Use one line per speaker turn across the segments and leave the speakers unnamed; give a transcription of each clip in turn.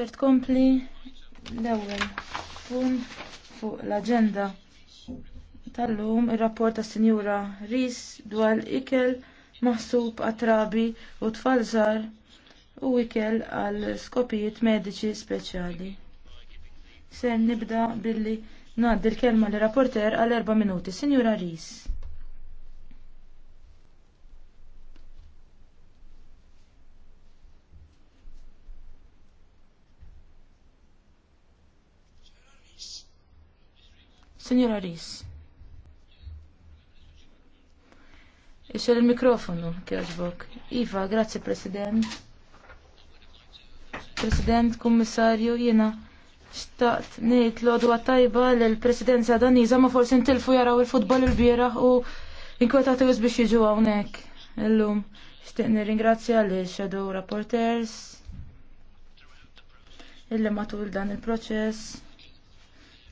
Se tkompli l-ewwel punt fuq l-aġenda tal-lum ir-rapport tas Sinjura Ris dwar ikel maħsub għat-trabi u tfal żar u ikel għal skopijiet mediċi speċjali. Se nibda billi ngħaddi l-kelma lir rapporter għal erba' minuti. Sinjura Ris. Signora Ris. Ixxel il-mikrofonu, kjoġbok. Iva, grazie, President. President, Kummissarju, jena xtaqt nejt l odu għattajba l president daniza ma forsi ntilfu jaraw il-futbol il-bira u inkwetat wis biex jiġu għawnek. Illum, xtiq nirringrazzja l shadow rapporters illi matul dan il-proċess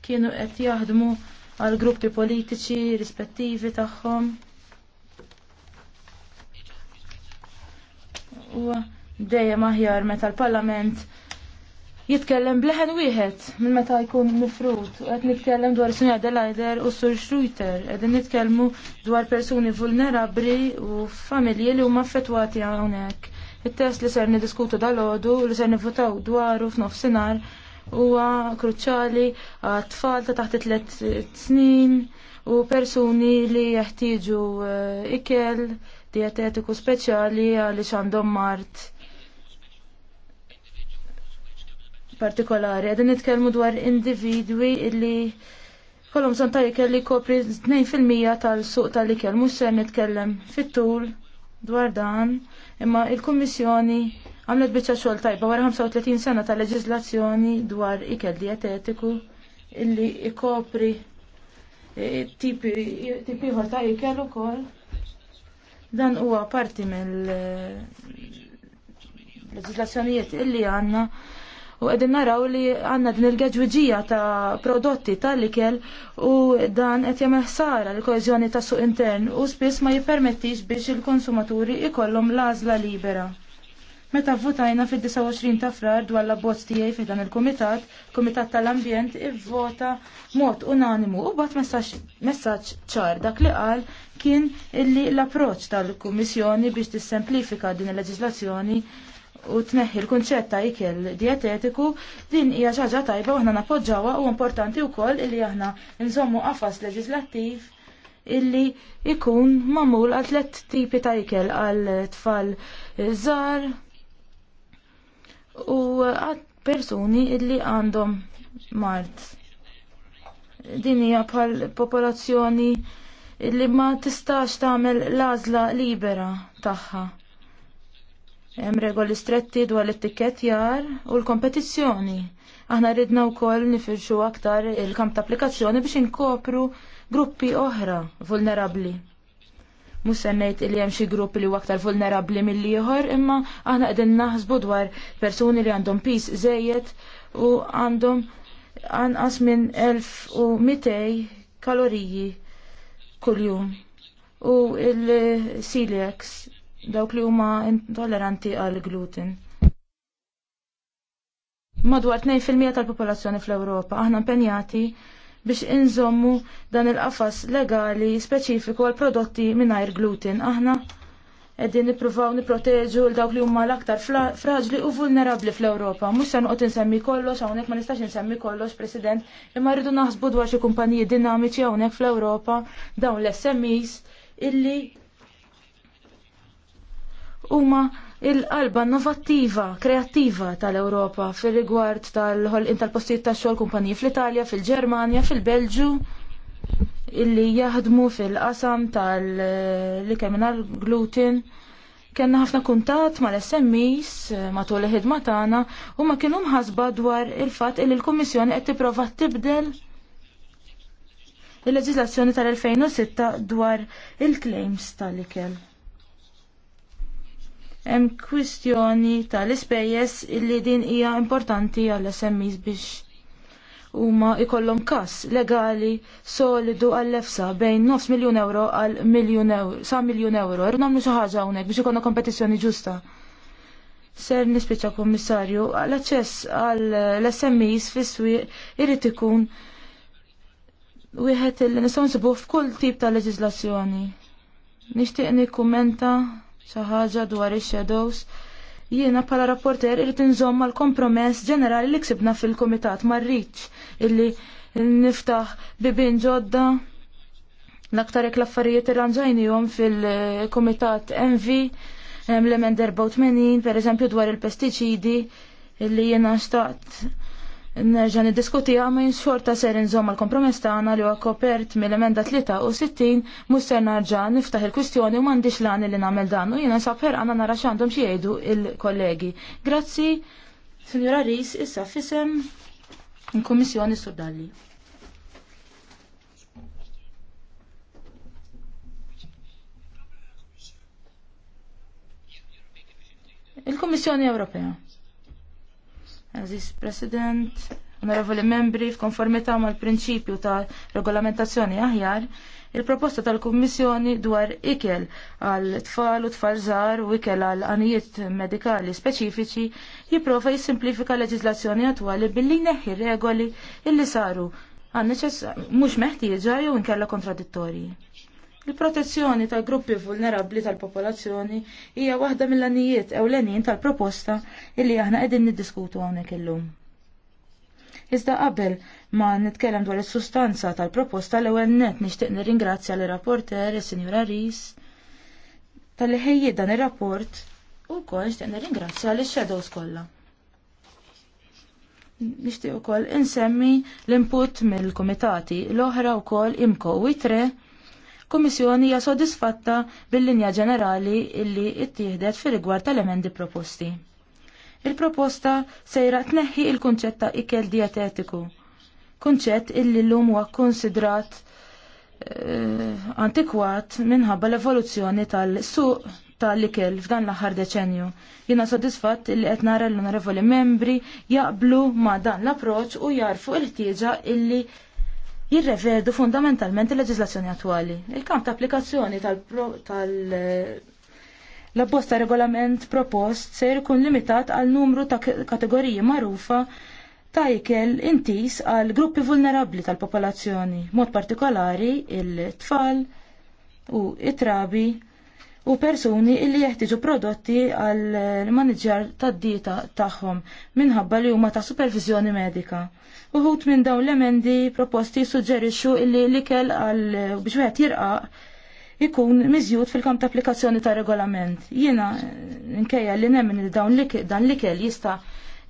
kienu qed jaħdmu għal gruppi politiċi rispettivi tagħhom. U dejjem aħjar meta l-Parlament jitkellem bleħen wieħed minn meta jkun mifrut u qed nitkellem dwar Sunja Delajder u Sur Schruiter qegħdin nitkellmu dwar persuni vulnerabbli u familji li huma affettwati hawnhekk. it test li ser niddiskutu dal li ser nivvotaw dwaru f'nofsinhar huwa kruċjali għat-tfal ta' taħt tliet snin u persuni li jeħtieġu eh, ikel dietetiku speċjali għaliex għandhom mart partikolari. Għadin nitkellmu dwar individwi illi kolom son ta' ikel li kopri 2% tal-suq tal-ikel, mhux ser nitkellem fit-tul dwar dan, imma il-Kummissjoni Għamlet bieċa xogħol tajba wara 35 sena ta' leġizlazzjoni dwar ikel dietetiku illi ikopri e, tipi ta' ikel ukoll. Dan huwa parti mill e, leġizlazzjonijiet illi għandna u għedin naraw li għanna din il-għedġuġija ta' prodotti tal-ikel u dan qed jagħmel ħsara l-kohezjoni ta' suq intern u spiss ma jippermettix biex il-konsumaturi ikollhom l-għażla libera. Meta votajna fil-29 ta' frar dwar la bozz tiegħi fi dan il-Kumitat, Kumitat tal-Ambjent ivvota mod unanimu u bat messaġġ ċar dak li qal kien illi l-approċċ tal-Kummissjoni biex tissemplifika din il-leġislazzjoni u tneħħi l-kunċett ta' ikel dietetiku din hija xi ħaġa tajba u aħna nappoġġawha u importanti wkoll illi aħna nżommu qafas leġislattiv illi ikun mamul għal tliet tipi ta' ikel għal tfal żgħar, u għad persuni illi għandhom mart. Din hija bħal popolazzjoni illi ma tistax tagħmel l-għażla libera tagħha. Hemm regoli stretti dwar l-ittikettjar u l-kompetizzjoni. Aħna ridna wkoll nifirxu aktar il-kamp ta' applikazzjoni biex inkopru gruppi oħra vulnerabbli mhux se ngħid li hemm xi grupp li huwa aktar vulnerabbli mill-ieħor, imma aħna qegħdin naħsbu dwar persuni li għandhom pis żejjed u għandhom anqas minn 1200 kaloriji kuljum. U il celiax dawk li huma intolleranti għal gluten. Madwar 2% tal-popolazzjoni fl-Ewropa aħna impenjati biex inżommu dan il-qafas legali speċifiku għal prodotti mingħajr gluten. Aħna qegħdin nippruvaw nipproteġu l dawk li huma l-aktar fraġli u vulnerabbli fl-Ewropa. Mhux se noqgħod insemmi kollox hawnhekk ma nistax insemmi kollox, President, imma rridu naħsbu dwar xi kumpaniji dinamiċi hawnhekk fl-Ewropa dawn l-SMEs illi huma il-qalba innovattiva, kreattiva tal-Ewropa fil-rigward tal-ħolqin tal-postijiet tax-xogħol kumpaniji fl-Italja, fil-Ġermanja, fil-Belġu illi jaħdmu fil-qasam tal li l gluten. Kenna ħafna kuntat mal-SMEs matul il-ħidma tagħna u ma kienu mħasba dwar il-fatt illi l-Kummissjoni qed tipprova tibdel il-leġislazzjoni tal-2006 dwar il-claims tal-ikel. Hemm kwistjoni tal-ispejjeż illi din hija importanti għall smis biex huma ikollhom kas legali solidu għall-efsa bejn nofs miljun euro għal miljun euro sa miljun euro. Irrid nagħmlu xi ħaġa hawnhekk biex ikollna kompetizzjoni ġusta. Ser nispiċċa kummissarju, għall aċċess għall smis fis-swieq irid ikun wieħed li nistgħu nsibuh f'kull tip ta' leġiżlazzjoni. Nixtieq nikkummenta xi ħaġa dwar ix-shadows. Jiena bħala rapporter irrid inżomm mal-kompromess ġenerali li ksibna fil-kumitat marriċ illi niftaħ bibin ġodda l-aktar ek l-affarijiet jom fil-kumitat MV l-emend 84 pereżempju dwar il-pestiċidi illi jiena xtaqt nerġa' niddiskutiha ma xorta ser inżomm għall-kompromess tagħna li huwa kopert mill-emenda 63 mhux ser narġa' niftaħ il kustjoni u m'għandix lani li nagħmel dan u jina nsab għana nara x'għandhom xi jgħidu il-kollegi. Grazzi, Signora Ris, issa fissem il-Kummissjoni sordalli. Il-Kummissjoni Ewropea. Aziz President, onorevoli membri, f'konformità mal-prinċipju ta' regolamentazzjoni aħjar, il-proposta tal-Kummissjoni dwar ikel għal tfal u tfal żgħar u ikel għal anijiet medikali speċifiċi jipprova jissimplifika leġiżlazzjoni attwali billi neħi regoli illi saru għan mhux meħtieġa jew inkella kontradittorji. Il-protezzjoni tal gruppi vulnerabli tal-popolazzjoni hija waħda mill-anijiet ewlenin tal-proposta illi aħna qegħdin niddiskutu hawnhekk illum. Iżda qabel ma nitkellem dwar is-sustanza tal-proposta l-ewwel net nixtieq nirringrazzja l rapporter is-Sinjura Ris tal-li ħejjiet dan ir-rapport u wkoll nixtieq nirringrazzja l shadows kollha. Nixtieq ukoll insemmi l-input mill-kumitati l-oħra wkoll imko u tre Kummissjoni hija sodisfatta bil-linja ġenerali illi ittieħdet fir rigward tal-emendi proposti. Il-proposta sejra tneħħi il-kunċett ta' ikel dietetiku, kunċett illi l-lum huwa konsidrat eh, antikwat minħabba l-evoluzzjoni tal-suq tal-ikel f'dan l-aħħar deċenju. Jina sodisfatt li qed nara l-onorevoli membri jaqblu ma' dan l-approċċ u jarfu l-ħtieġa illi jirrevedu fundamentalment il-leġislazzjoni attwali. Il-kamp ta' applikazzjoni tal eh, bosta tal regolament propost se jkun limitat għal numru ta' kategoriji marufa ta' ikel intis għal gruppi vulnerabli tal-popolazzjoni, mod partikolari il-tfal u it-trabi u persuni illi jeħtiġu prodotti għal maniġġar tad-dieta tagħhom minħabba li huma ta' supervizjoni medika. Uħut minn dawn l-emendi proposti suġġerixxu illi l-ikel għal biex wieħed jirqaq ikun miżjud fil-kamp ta' applikazzjoni ta' regolament. Jiena nkejja li nemmen li dawn dan l-ikel jista'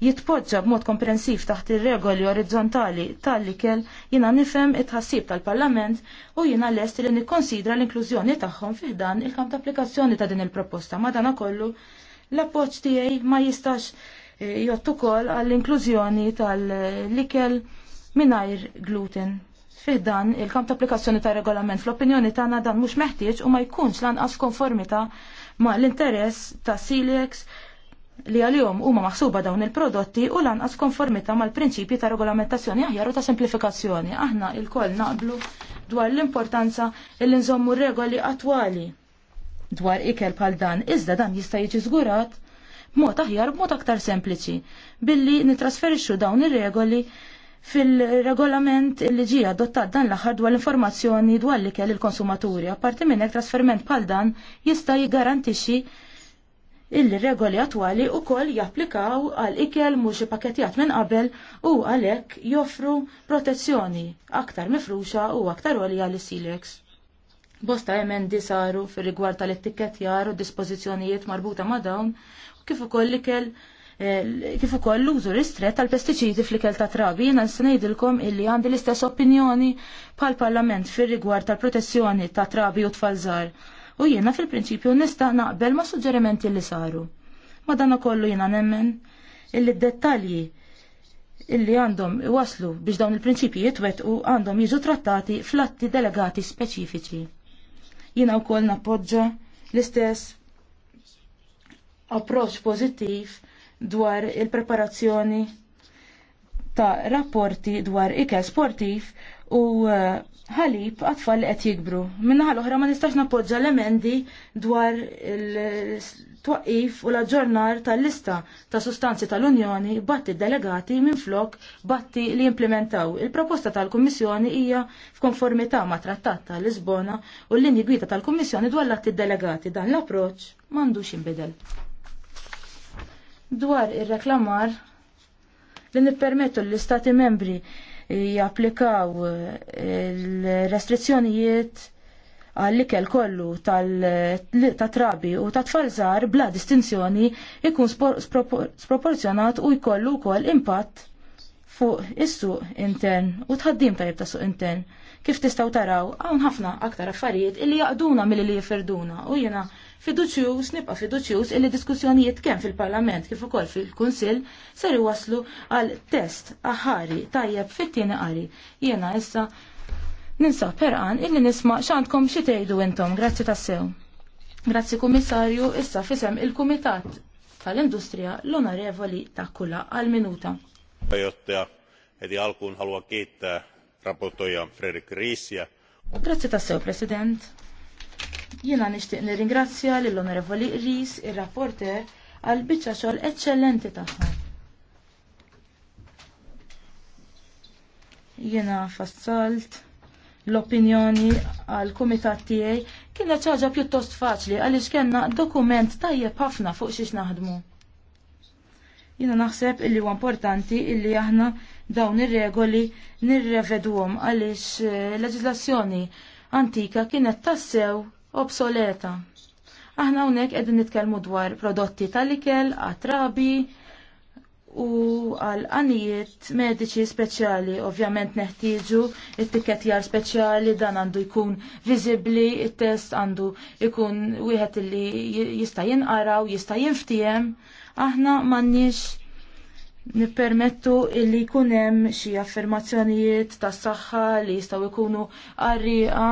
jitpoġġa b'mod komprensiv taħt ir-regoli orizzontali tal-ikel jina nifhem it-ħassib tal-Parlament u jina lest li nikkonsidra l-inklużjoni tagħhom fih dan il-kamp ta' applikazzjoni ta' din il-proposta. Madanakollu l-appoġġ tiegħi ma jistax eh, jott ukoll għall-inklużjoni tal-ikel mingħajr gluten. Fih dan il-kamp ta' applikazzjoni ta' regolament fl-opinjoni tagħna dan mhux meħtieġ u ma jkunx lanqas konformita ma l-interess ta' Silex li għalihom huma maħsuba dawn il-prodotti u lanqas konformità mal-prinċipji ta' regolamentazzjoni aħjar u ta' semplifikazzjoni. Aħna il-koll naqblu dwar l-importanza li nżommu regoli attwali dwar ikel bħal dan, iżda dan jista' jiġi żgurat Mod aħjar b'mod aktar sempliċi billi nitrasferixxu dawn ir-regoli fil-regolament li ġie adottat dan l-aħħar dwar l-informazzjoni dwar l-ikel il-konsumaturi. Apparti minn hekk trasferiment bħal dan jista' jiggarantixxi il-regoli attwali u koll japplikaw għal ikel muxi paketijat minn qabel u għalek joffru protezzjoni aktar mifruxa u aktar għolja għal silex Bosta emendi saru fir rigward tal-ettikett u dispożizzjonijiet marbuta ma' dawn u kif ukoll ikel eh, kif ukoll l-użu ristret tal-pestiċidi fl-ikel ta' trabi, jiena ngħidilkom illi għandi l-istess opinjoni bħal parlament fir rigward tal-protezzjoni ta' trabi u tfal żgħar u jiena fil-prinċipju nista' naqbel ma' suġġerimenti li saru. Ma dan kollu jiena nemmen illi dettalji illi għandhom waslu biex dawn il-prinċipji u għandhom jiġu trattati flatti delegati speċifiċi. Jiena wkoll nappoġġa l-istess approċċ pożittiv dwar il-preparazzjoni ta' rapporti dwar ikel sportiv u eh, ħalib għatfall li qed jikbru. Minna l-oħra ma nistax napoġġa l-emendi dwar il-twaqif u l-aġġornar tal-lista ta' sustanzi tal-Unjoni batti delegati minn flok batti li implementaw. Il-proposta tal-Kummissjoni hija f'konformità ma' trattat tal-Lisbona u l-linji gwida tal-Kummissjoni dwar l-atti delegati dan l-approċ m'għandux jinbidel. Dwar ir-reklamar li nippermettu l-Istati membri japplikaw eh, il-restrizzjonijiet għall-ikel kollu tal-trabi u ta' tfalżar bla distinzjoni ikun sproporzjonat u jkollu kol impatt fuq is-suq intern u tħaddim tajib ta' suq intern. Kif tistgħu taraw, hawn ħafna aktar affarijiet illi jaqduna milli li jifirduna u jiena fiduċjuż nibqa' fiduċjuż illi diskussjonijiet kemm fil-Parlament kif ukoll fil-Kunsill ser iwasslu għal test aħari tajjeb fit-tieni qari. Jiena issa ninsa perqan illi nisma' x'għandkom xi tgħidu intom. Grazzi tassew. Grazzi Kummissarju, issa fisem il-Kumitat tal-Industrija l-Onorevoli Takkula għal minuta.
Edi alkuun haluan kiittää rapportoja Frederik Riesja.
Grazzi tassew, President. Jiena nixtieq nirringrazzja lill onorevoli Ries, ir-rapporter, għal biċċa xogħol eċċellenti tagħha. Jiena fassalt l-opinjoni għal kumitat tiegħi kienet ċaġa pjuttost faċli għaliex kellna dokument tajjeb ħafna fuq xiex naħdmu. Jiena naħseb illi huwa importanti illi aħna dawn ir-regoli nirrevedwhom għaliex eh, leġislazzjoni antika kienet tassew obsoleta. Aħna hawnhekk qegħdin nitkellmu dwar prodotti tal-ikel, għatrabi u għal anijiet mediċi speċjali, ovvjament neħtieġu it-tikketjar speċjali dan għandu jkun viżibbli, it-test għandu jkun wieħed li jista' jinqaraw, jista' jinftiem. Aħna m'għandniex nippermettu illi jkun hemm xi affermazzjonijiet tas saħħa li jistgħu jkunu għarriqa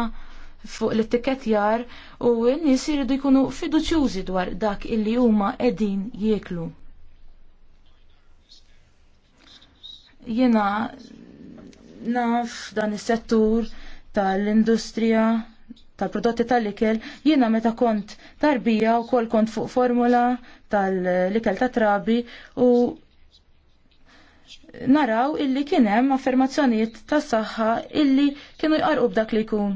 fuq l-ittikettjar u n-nies jridu jkunu fiduċjużi dwar dak illi huma qegħdin jieklu. Jiena naf dan is-settur tal-industrija tal-prodotti tal-ikel, jiena meta kont tarbija u kol kont fuq formula tal-ikel ta' trabi u naraw illi kien hemm affermazzjonijiet tas saħħa illi kienu jqarqu b'dak li jkun.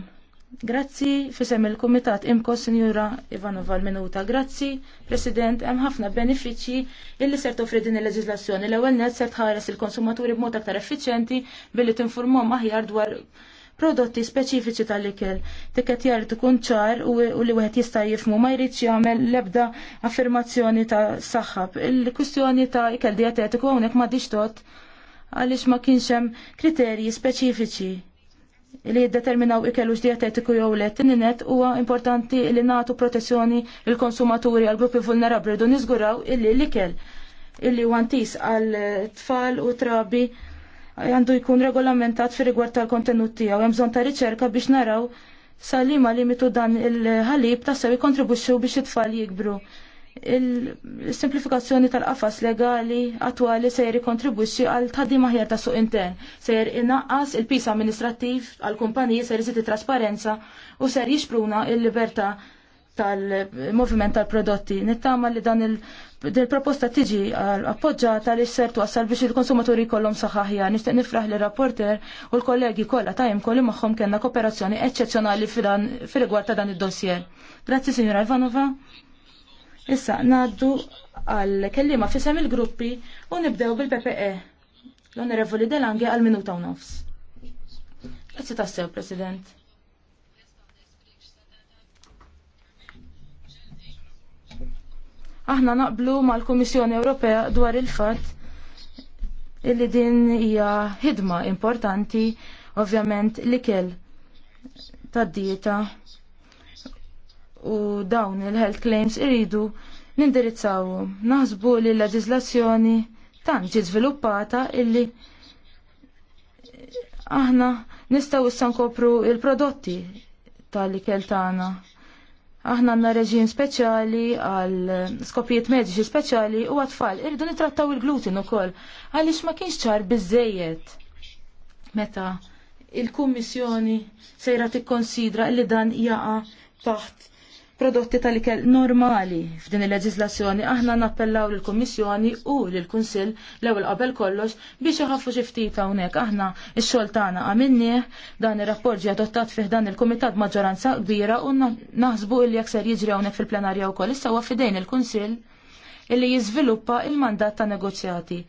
Grazzi fisem il-Kumitat Imko Sinjura Ivanova l-Minuta. Grazzi, President, hemm ħafna benefiċċji illi ser toffri din il-leġiżlazzjoni. L-ewwel net ser tħares il-konsumaturi b'mod aktar effiċjenti billi tinformhom aħjar dwar prodotti speċifiċi tal-ikel. jar tkun ċar u li wieħed jista' jifmu ma jridx jagħmel l-ebda affermazzjoni ta' saħħab. Il-kwistjoni ta' ikel dietetiku hawnhekk ma tot għaliex ma kienx hemm kriterji speċifiċi li jiddeterminaw ikelux dietetiku jew le tinninet huwa importanti li nagħtu protezzjoni il konsumaturi għal gruppi vulnerabbli rridu niżguraw illi l-ikel illi huwa ntis għal tfal u trabi għandu jkun regolamentat fi rigward tal-kontenut tiegħu hemm bżonn ta' riċerka biex naraw salima limitu dan il-ħalib tassew jikontribwixxu biex it-tfal jikbru. Il-simplifikazzjoni tal-qafas legali attwali se jeri kontribwixxi għal tħaddim aħjar ta' suq intern, se inaqqas il-pis amministrattiv għal kumpaniji se it trasparenza u ser jixpruna il-libertà tal-moviment tal-prodotti. Nittama li dan il-proposta tiġi eh, appoġġata li s-sertu għassal biex il-konsumaturi kollom saħħaħja. Nishtiq nifraħ li rapporter u l-kollegi kolla tajem kolli maħħom kena kooperazzjoni eccezjonali fil-rigward ta' dan il-dossier. Grazzi, signora Ivanova. Issa, naddu għal-kellima fisem il-gruppi u nibdew bil-PPE. L-Onorevoli Delange għal-minuta u nofs. Grazie, tassew, President. Aħna naqblu mal-Kummissjoni Ewropea dwar il-fatt illi din hija ħidma importanti ovvjament li kell tad-dieta u dawn il-health claims iridu nindirizzawhom. Naħsbu li l-leġiżlazzjoni tant ġi żviluppata illi aħna nistgħu issa nkopru il-prodotti tal-ikel tagħna Aħna għanna reġim speċjali għal skopijiet mediċi speċjali u għatfall. Irridu nitrattaw il-gluten u koll. Għalix ma kienx ċar bizzejiet. Meta il-Kummissjoni sejra tikkonsidra li dan jaqa taħt prodotti tal-ikel normali f'din il-leġislazzjoni aħna nappellaw lill-Kummissjoni u lill-Kunsill l-ewwel qabel kollox biex iħaffu xi ftit hawnhekk aħna x-xogħol tagħna għamilnieh dan ir-rapport ġie adottat fih dan il-kumitat maġġoranza kbira u naħsbu li jekk ser jiġri hawnhekk fil-plenarja wkoll issa huwa fidejn il-Kunsill illi jiżviluppa il-mandat ta' negozjati.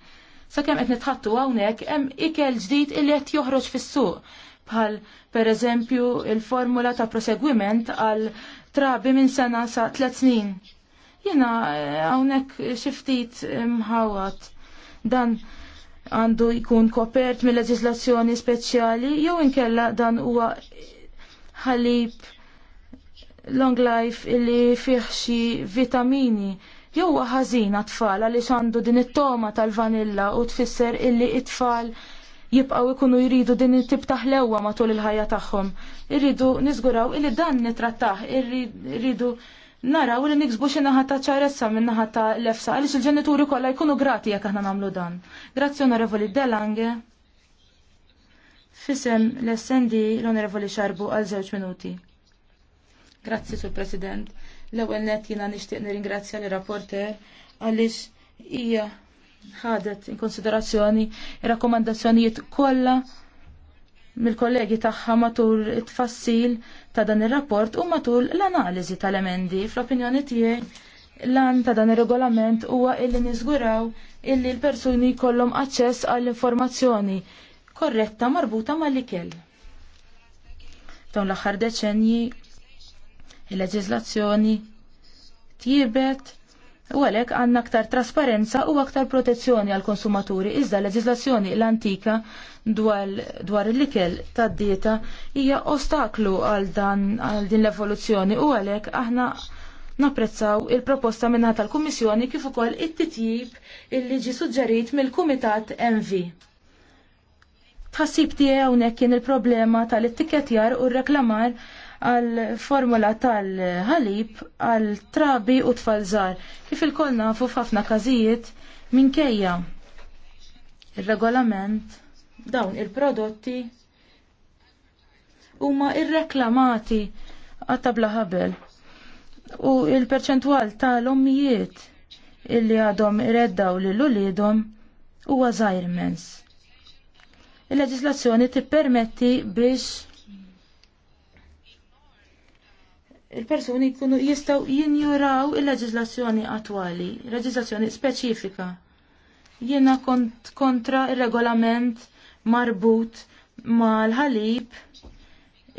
Sakemm qed nitħattu hawnhekk hemm ikel ġdid illi qed joħroġ fis-suq bħal per eżempju il-formula ta' proseguiment għal trabi minn sena sa' tlet snin. Jena eh, għawnek xiftit mħawat dan għandu jkun kopert mill leġislazzjoni speċjali jew inkella dan huwa ħalib long life illi fih xi vitamini jew huwa ħażin għat-tfal għaliex għandu din it-toma tal-vanilla u tfisser illi it-tfal jibqaw ikunu jridu din it-tip ta' ħlewwa matul il-ħajja tagħhom. Irridu niżguraw illi dan nitrattaħ, irridu naraw li niksbu xi naħa ta' ċaressa minn naħa ta' lefsa għaliex il-ġenituri kollha jkunu grati jekk aħna nagħmlu dan. Grazzi Onorevoli Delange. Fisem l-essendi l-Onorevoli Xarbu għal żewġ minuti. Grazzi Sur President. L-ewwel net jiena nixtieq nirringrazzja l rapporter għaliex hija ħadet in konsiderazzjoni ir-rakkomandazzjonijiet kollha mill-kollegi tagħha matul it-tfassil ta' dan ir-rapport u matul l-analiżi tal-emendi. Fl-opinjoni tiegħi lan ta' dan ir-regolament huwa illi niżguraw illi l-persuni jkollhom aċċess għall-informazzjoni korretta marbuta mal-ikel. Dawn l-aħħar deċenji il-leġiżlazzjoni tjibet U għalhekk għandna aktar trasparenza u aktar protezzjoni għall konsumaturi iżda l-leġislazzjoni l-antika dwar l-ikel tad-dieta hija ostaklu għal dan għal din l-evoluzzjoni u għalhekk aħna napprezzaw il-proposta minna tal-Kummissjoni kif ukoll it-titjib il-liġi suġġerit mill-Kumitat MV. Tħassib tiegħi hawnhekk kien il-problema tal-ittiketjar u r-reklamar għal formula tal-ħalib għal trabi u tfalżar. Kif il fu nafu f'ħafna każijiet minkejja il-regolament dawn il-prodotti huma il-reklamati tabla ħabel u il-perċentwal tal-ommijiet illi għadhom ireddaw li l-ulidhom huwa żgħir mens. Il-leġislazzjoni tippermetti biex il-persuni jkunu jistaw jinjuraw il-leġizlazzjoni attwali, leġizlazzjoni speċifika. Jiena kont kontra il-regolament marbut mal-ħalib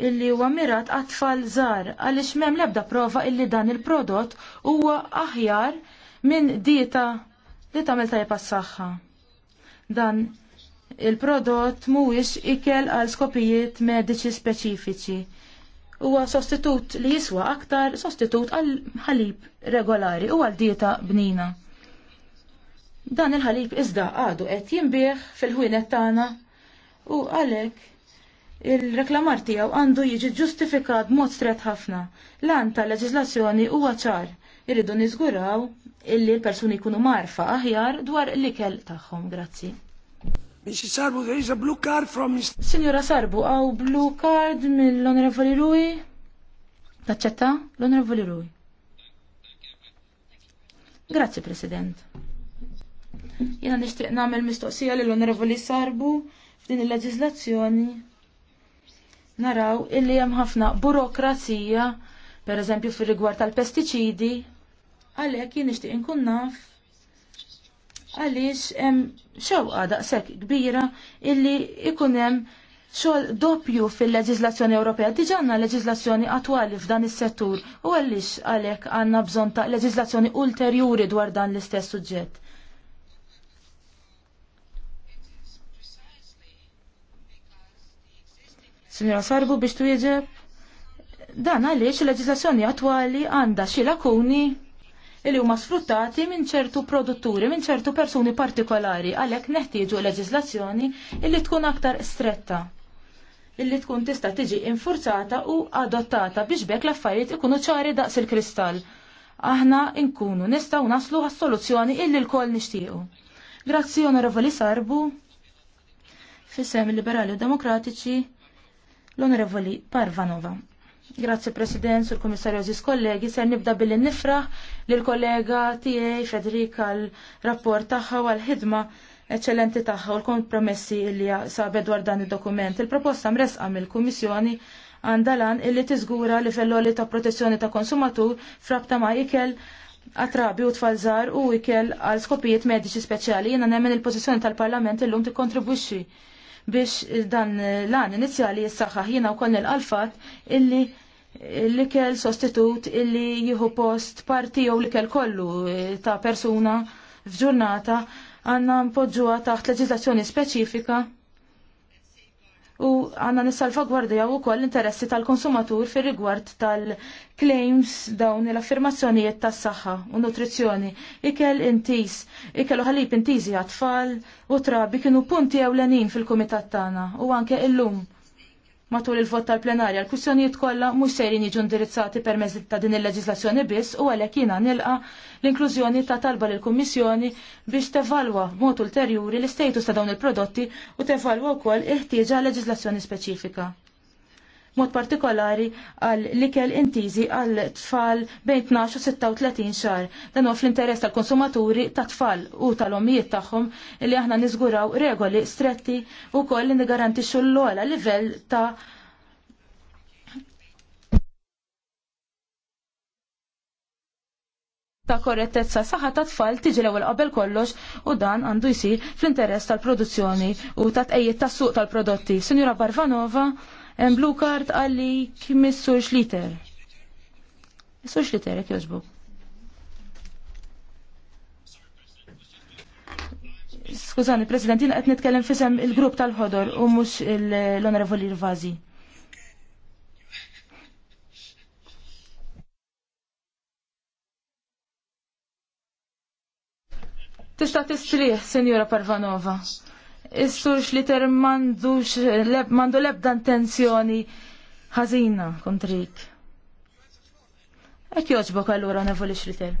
illi huwa mirat għatfal tfal żgħar għaliex m'hemm l-ebda prova illi dan il-prodott huwa aħjar minn dieta li tagħmel tajba s-saħħa. Dan il-prodott mhuwiex ikel għal skopijiet mediċi speċifiċi huwa sostitut li jiswa aktar sostitut għal ħalib regolari u għal dieta bnina. Dan il-ħalib iżda għadu qed jinbih fil-ħwienet tagħna u għalhekk il-reklamar tiegħu għandu jiġi ġustifikat mod stret ħafna. Lan tal leġislazzjoni huwa ċar irridu niżguraw illi l-persuni jkunu marfa aħjar dwar l-ikel tagħhom. Grazzi. Sarbu, there is a blue card from Mr. Signora Sarbu, għaw blue card mill-Onorevoli Rui. Taċċetta? L-Onorevoli Rui. Grazie, President. Jena nishtiq namel mistoqsija l-Onorevoli Sarbu f'din il-leġizlazzjoni. Naraw illi hemm ħafna burokrazija, per eżempju fir rigward tal-pestiċidi, għalhekk jien nixtieq inkun naf għaliex xewqa daqshekk kbira illi ikun hemm xogħol doppju fil leġizlazzjoni Ewropea. Diġà għandna leġiżlazzjoni attwali f'dan is-settur u għaliex għalhekk għandna bżonn ta' leġiżlazzjoni ulterjuri dwar dan l-istess suġġett. Signora Sarbu biex tu jieġeb? Dan għaliex il-leġiżlazzjoni attwali għandha xi lakuni li huma sfruttati minn ċertu produtturi, minn ċertu persuni partikolari, għalhekk neħtieġu leġislazzjoni illi tkun aktar stretta illi tkun tista' tiġi infurzata u adottata biex bekk l-affarijiet ikunu ċari daqs il-kristall. Aħna nkunu nistgħu naslu għas-soluzzjoni illi l-kol nixtiequ. Grazzi Onorevoli Sarbu, fissem liberali u Demokratiċi, l-Onorevoli Parvanova. Grazzi President, Sur Komissarju Aziz kollegi, ser nibda billi nifraħ lil kollega tiegħi Federika l-rapport tagħha u ħidma eċċellenti tagħha u l-kompromessi li sabed dwar dan id-dokument. Il-proposta mresqa mill-Kummissjoni għandha lan illi tiżgura li felloli ta' protezzjoni ta' konsumatur frabta ma' ikel għatrabi u tfalżar u ikel għal skopijiet mediċi speċjali jena nemmen il-pozizjoni tal-parlament illum tikkontribwixxi biex dan l-għan inizjali jissaxħaħ jena u koll il illi l-ikel sostitut illi jieħu post parti jew l-ikel kollu eh, ta' persuna f'ġurnata għanna mpoġġuha taħt leġislazzjoni speċifika u għanna nissalvagwardja u koll interessi tal-konsumatur fir rigward tal-claims dawn l affirmazzjonijiet tas saħħa u nutrizzjoni. Ikel intis, ikel uħalib ħalib intizi għatfall u trabi kienu punti ewlenin fil-komitat tagħna u anke illum matul il-vot tal-plenarja l kussjonijiet kollha mhux sejrin jiġu indirizzati permezz ta' din il-leġislazzjoni biss u għalhekk jiena nilqa l-inklużjoni ta' talba lill kummissjoni biex tevalwa b'mod ulterjuri l-istatus ta' dawn il-prodotti u tevalwa wkoll iħtieġa leġislazzjoni speċifika mod partikolari għal likel intiżi għal tfal bejn 12 u 36 xar. Dan huwa fl-interess tal-konsumaturi ta' tfal u tal-omijiet tagħhom li aħna niżguraw regoli stretti u koll li nigarantixxu l-ogħla livell ta' ta' korrettezza saħħa ta' tfal tiġi l-ewwel qabel kollox u dan għandu jsir fl-interess tal-produzzjoni u ta' tqejjed tas-suq tal-prodotti. Sinjura Barvanova, En blue card għalik missur xliter. Missur xliter, jek jożbu. Skużani, President, għet qed nitkellem fisem il-grupp tal-ħodor u mhux l-Onorevoli Rvazi. Tista' tistrih, Senjora Parvanova. Is-sur ter mandux leb, mandu lebda intenzjoni ħażina kontrik. Ek joġbok allura nevoli ter.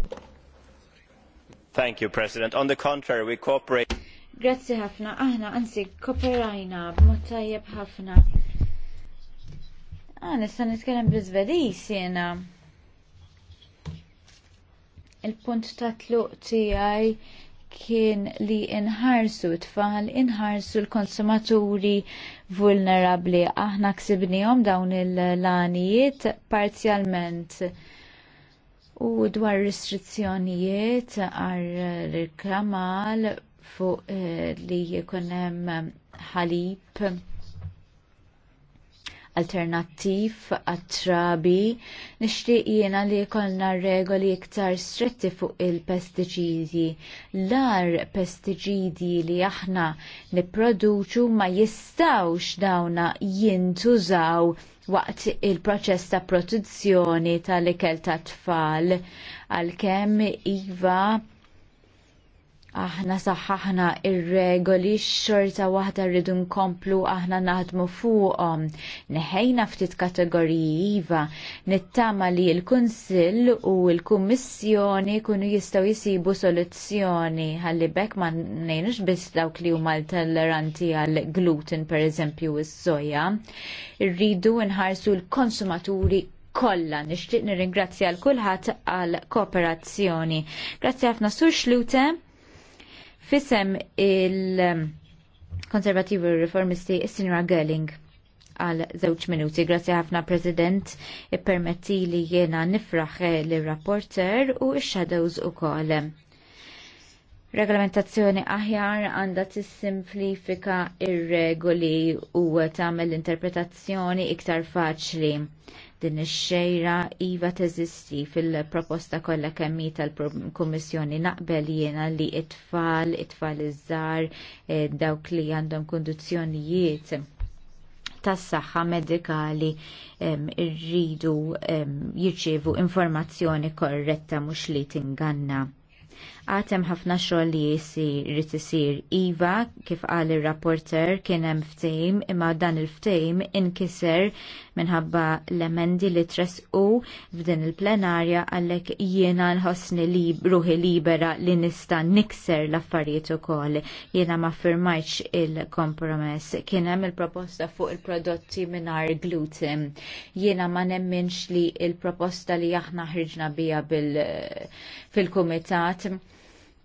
Thank you, President. On the contrary, we cooperate.
Grazzi ħafna, aħna anzi kooperajna b'mod tajjeb ħafna. Ah, nistan nitkellem bl-Iżvedis jiena. Il-punt ta' tluq tiegħi kien li inħarsu tfal, inħarsu l-konsumaturi vulnerabli. Aħna ksibnijom dawn il-lanijiet parzialment U dwar restrizzjonijiet għar reklamal fuq eh, li jkunem ħalib alternattiv għat-trabi, nixtieq jiena li jkollna regoli iktar stretti fuq il-pestiċidi. L-ar pestiċidi li aħna nipproduċu ma jistawx dawna jintużaw waqt il-proċess ta' produzzjoni tal-ikel ta' tfal għalkemm iva aħna saħħaħna ir-regoli xorta waħda rridu nkomplu aħna naħdmu fuqhom. Neħejna ftit kategoriji iva, nittama li l-Kunsill u l-Kummissjoni kunu jistgħu jisibu soluzzjoni ħalli bekk ma ngħinux biss dawk li huma l tolleranti għal gluten pereżempju is-soja. Irridu nħarsu l-konsumaturi kollha nixtieq nirringrazzja l kulħadd għal kooperazzjoni. Grazzi ħafna Sur Xlute. Fisem il-konservativi Reformisti Sinra Gerling għal żewġ minuti. Grazzi ħafna President permetti li jiena nifraħ li rapporter u x-shadows u koll. Regolamentazzjoni aħjar għandha tissimplifika ir-regoli u tagħmel l-interpretazzjoni iktar faċli din ix-xejra iva teżisti fil-proposta kollha kemmi tal-Kummissjoni naqbel jiena li it-tfal, it-tfal iż żgħar eh, dawk li għandhom kundizzjonijiet tas-saħħa medikali irridu jirċievu informazzjoni korretta mhux li tinganna Għatem ħafna xogħol li jisir jrid isir iva kif qal ir-rapporter kien hemm ftehim imma dan il-ftehim inkiser minħabba l-emendi li tresqu f'din il-plenarja għalhekk jiena nħossni li ruħi libera li nista' nikser l-affarijiet ukoll. Jiena ma firmajtx il-kompromess. Kien hemm il-proposta fuq il-prodotti mingħajr gluten. Jiena ma nemminx li il-proposta li aħna ħriġna bija bil fil-kumitat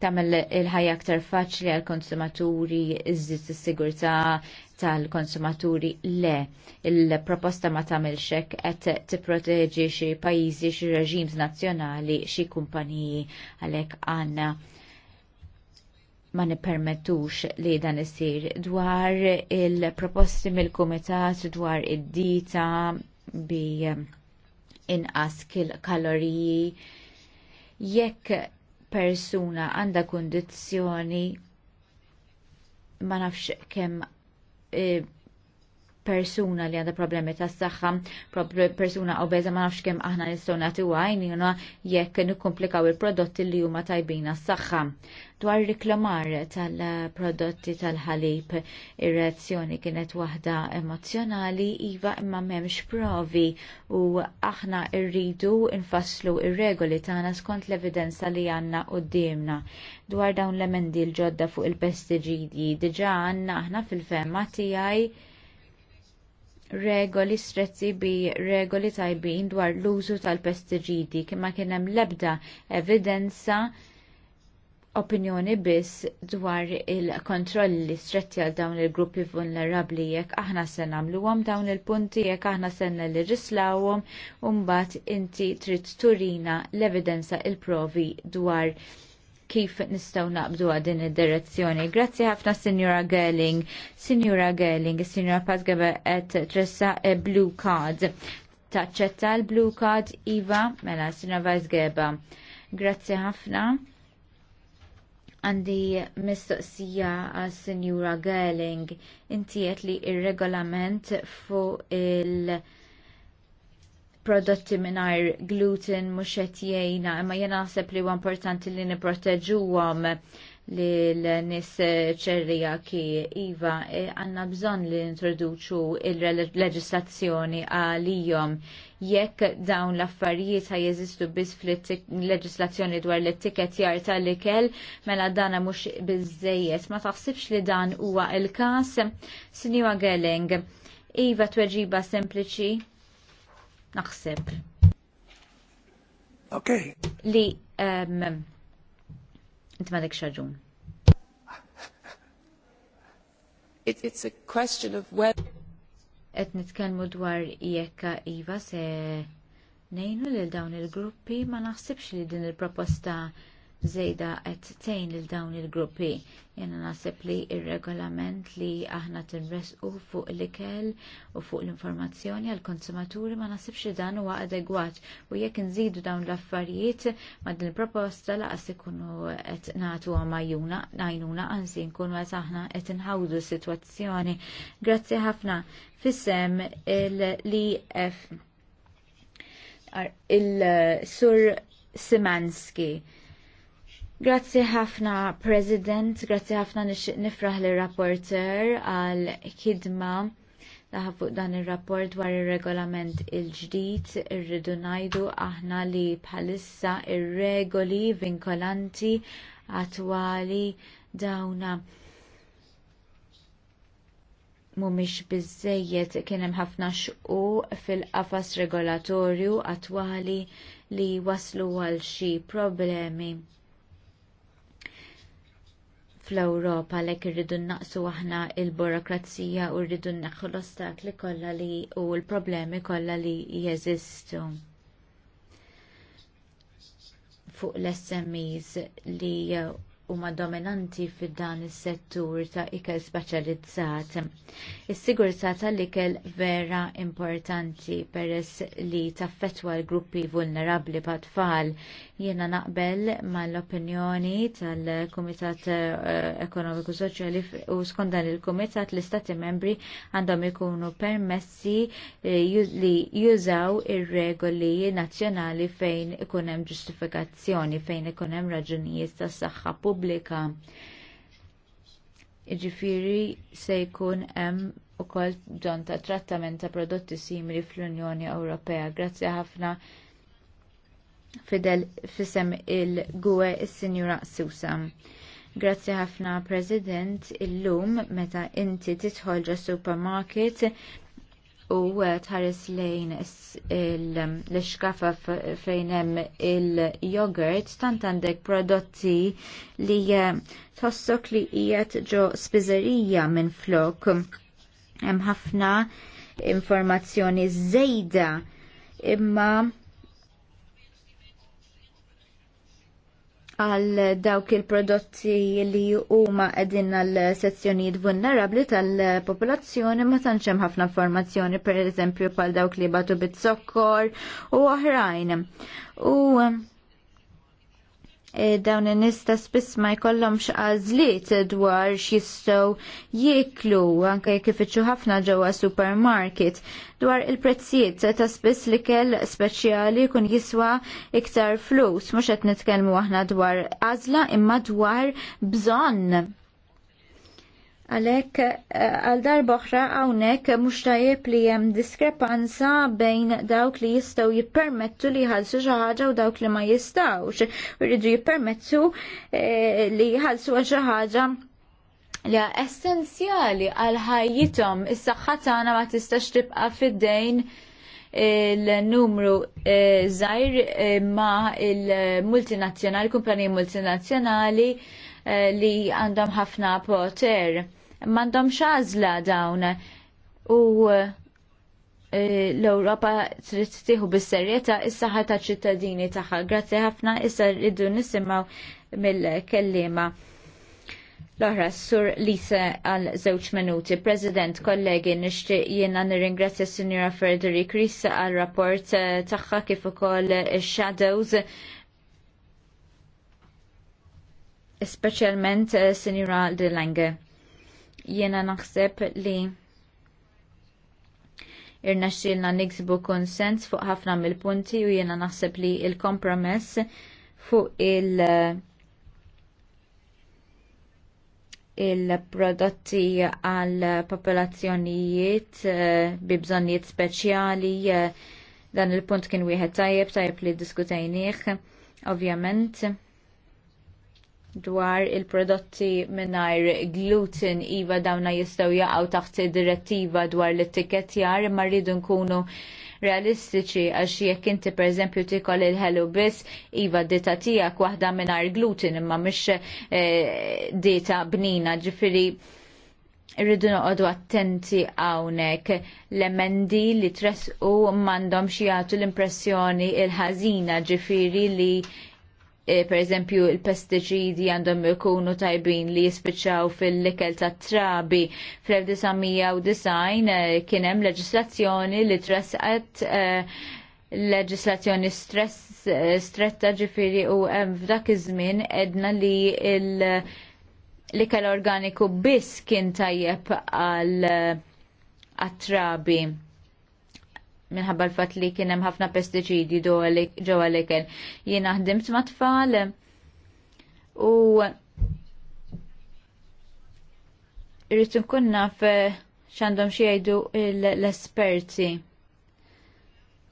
tagħmel il-ħajja aktar faċli għal konsumaturi iżżid is-sigurtà tal-konsumaturi le. Il-proposta ma tamel xek qed proteġi xi pajjiżi xi reġims nazzjonali xi kumpaniji għalhekk għandna ma nippermettux li dan isir dwar il-proposti mill-kumitat dwar id-dita bi inqas kaloriji jekk persuna għandha kundizzjoni ma nafx kemm eh, persuna li għandha problemi tas saħħa persuna obeża ma nafx kemm aħna nistgħu nagħtiw għajnuna jekk nikkomplikaw il-prodotti li huma tajbina s saħħa Dwar riklamar tal-prodotti tal-ħalib, ir-reazzjoni kienet waħda emozjonali, iva imma m'hemmx provi u aħna rridu nfasslu ir-regoli tagħna skont l-evidenza li għandna dimna dwar dawn l-emendi l-ġodda fuq il-pestiġidi diġà għandna aħna fil-femma tiegħi regoli stretti bi regoli tajbin dwar l-użu tal-pestiġidi kien hemm l-ebda evidenza opinjoni biss dwar il-kontrolli stretti għal dawn il-gruppi vulnerabbli jekk aħna se nagħmluhom dawn il-punti jekk aħna se nirrislawhom u mbagħad inti trid turina l-evidenza il-provi dwar kif nistaw naqbdu għadin id-direzzjoni. Grazzi ħafna Signora Gerling, Signora Gerling, Signora Pazgaba et tressa e Blue Card. Taċċetta l-Blue Card Iva, mela Signora Pazgaba. Grazzi ħafna. Għandi mistoqsija għal Signora Gerling, intijet li ir-regolament fuq il- prodotti minar gluten mhux qed jgħinna, imma jena naħseb li huwa importanti li nipproteġuhom li l-nis ċerrija ki Iva e, għanna bżon li introduċu il-leġislazzjoni għalijom jekk dawn l-affarijiet ħaj jeżistu biss fl-leġislazzjoni dwar l-ticket jar tal-ikel mela dana mux bizzejiet ma taħsibx li dan huwa il-kas Sinjua Gelling Iva tweġiba sempliċi naħseb. Ok. Li, inti ma xaġun. It, it's a question of whether... Et nitkelmu dwar jekka Iva se nejnu lil dawn il-gruppi ma naħsibx li din il-proposta żejda qed tgħin lil dawn il-gruppi. Jena naħseb li r regolament li aħna tinresqu fuq l-ikel u fuq l-informazzjoni għall konsumaturi ma naħsibx li dan huwa adegwat u jekk nżidu dawn l-affarijiet ma din il proposta laqas ikunu qed nagħtu għamajjuna għajnuna għanzi nkunu qed aħna qed nħawdu s-sitwazzjoni. Grazzi ħafna fissem l-IF il-Sur Simanski. Grazzi ħafna President, grazzi ħafna nifraħ li rapporter għal kidma laħa fuq dan ir-rapport dwar ir-regolament il-ġdid irridu ngħidu aħna li bħalissa ir-regoli vinkolanti attwali dawna mhumiex biżejjed kien hemm ħafna xqu fil-qafas regolatorju attwali li waslu għal xi problemi fl-Ewropa lek irridu naqsu aħna il-burokrazija u rridu naħħu l-ostakli kollha li u l-problemi kollha li jeżistu fuq l-SMEs li huma dominanti fid dan is-settur ta' ikel speċjalizzat. Is-sigurtà tal-ikel vera importanti peress li taffetwa l-gruppi vulnerabbli pa' tfal. Jiena naqbel mal-opinjoni tal-Kumitat eh, Ekonomiku Soċjali u skondan il-Kumitat l-Istati membri għandhom ikunu permessi eh, li jużaw ir-regoli nazzjonali fejn ikun hemm ġustifikazzjoni, fejn ikun hemm raġunijiet tas-saħħa pubblika pubblika. Iġifiri se jkun hemm ukoll bżonn ta' trattament ta' prodotti simili fl-Unjoni Ewropea. Grazzi ħafna fidel fisem il-gwe is-Sinjura Susa. Grazzi ħafna President illum meta inti titħol ġa supermarket u tħares lejn l-xkafa fejn hemm il-jogurt tant għandek prodotti li eh, tossok li qiegħed ġo spizzerija minn flok. Hemm ħafna informazzjoni żejda imma għal dawk il-prodotti li huma għedin għal sezzjonijiet vulnerabbli tal-popolazzjoni ma tantx hemm ħafna informazzjoni pereżempju bħal dawk li batu bit-sokkor u oħrajn. U E, dawn in-nista spiss ma jkollhomx għażliet dwar x'jistgħu jieklu anke jekk ifittxu ħafna ġewwa supermarket dwar il-prezzijiet ta' spiss li kell speċjali kun jiswa iktar flus mhux qed nitkellmu aħna dwar għażla imma dwar bżonn Għalek, eh, għal darboħra oħra għawnek mux tajjeb li jem diskrepanza bejn dawk li jistaw jippermettu li jħalsu ġaħġa u dawk li ma jistawx. Rridu jippermettu eh, li jħalsu ġaħġa li essenzjali għal ħajjitom is-saħħa tagħna ma tistax tibqa' fid-dejn il-numru zaħir eh, ma il-multinazzjonali, kumpanij multinazzjonali li għandhom ħafna poter mandom xazla dawn u eh, l-Europa trid tieħu bis-serjetà is-saħħa taċ-ċittadini tagħha. Grazzi ħafna issa rridu nisimgħu mill-kellima. L-oħra, sur Lisa għal żewġ minuti. President, kollegi, nixtieq jiena nirringrazzja Sinjora Frederic Ries għal rapport eh, tagħha kif ukoll shadows specialment eh, Sinjora De Lange. Jiena naħseb li irna xilna niksbu konsens fuq ħafna mill-punti u jiena naħseb li il-kompromess fuq il- il-prodotti għal popolazzjonijiet eh, bi bżonnijiet speċjali eh, dan il-punt kien wieħed tajjeb tajjeb li diskutajnieh ovvjament dwar il-prodotti mingħajr gluten iva dawna jistgħu jaqgħu taħt id direttiva dwar l-etikettjar imma rridu nkunu realistiċi għax jekk inti pereżempju tikol il-ħelu biss iva dita tiegħek waħda mingħajr gluten imma mhix eh, dita bnina ġifiri rridu noqogħdu attenti hawnhekk l-emendi li tresqu m'għandhomx jagħtu l-impressjoni il ħazina ġifieri li E, per eżempju il-pestiċidi għandhom ikunu tajbin li jispiċċaw fil-likel ta' trabi. Fl-1990 e, kien hemm leġislazzjoni li trasqet e, leġislazzjoni stretta ġifiri u hemm f'dak iż-żmien edna li il- l-ikel organiku biss kien tajjeb għal trabi minħabba l-fat li kienem ħafna pesticidi ġewwa li kien. Jiena ħdimt ma' tfal u irrid inkun naf eh, x'għandhom xi jgħidu l-esperti.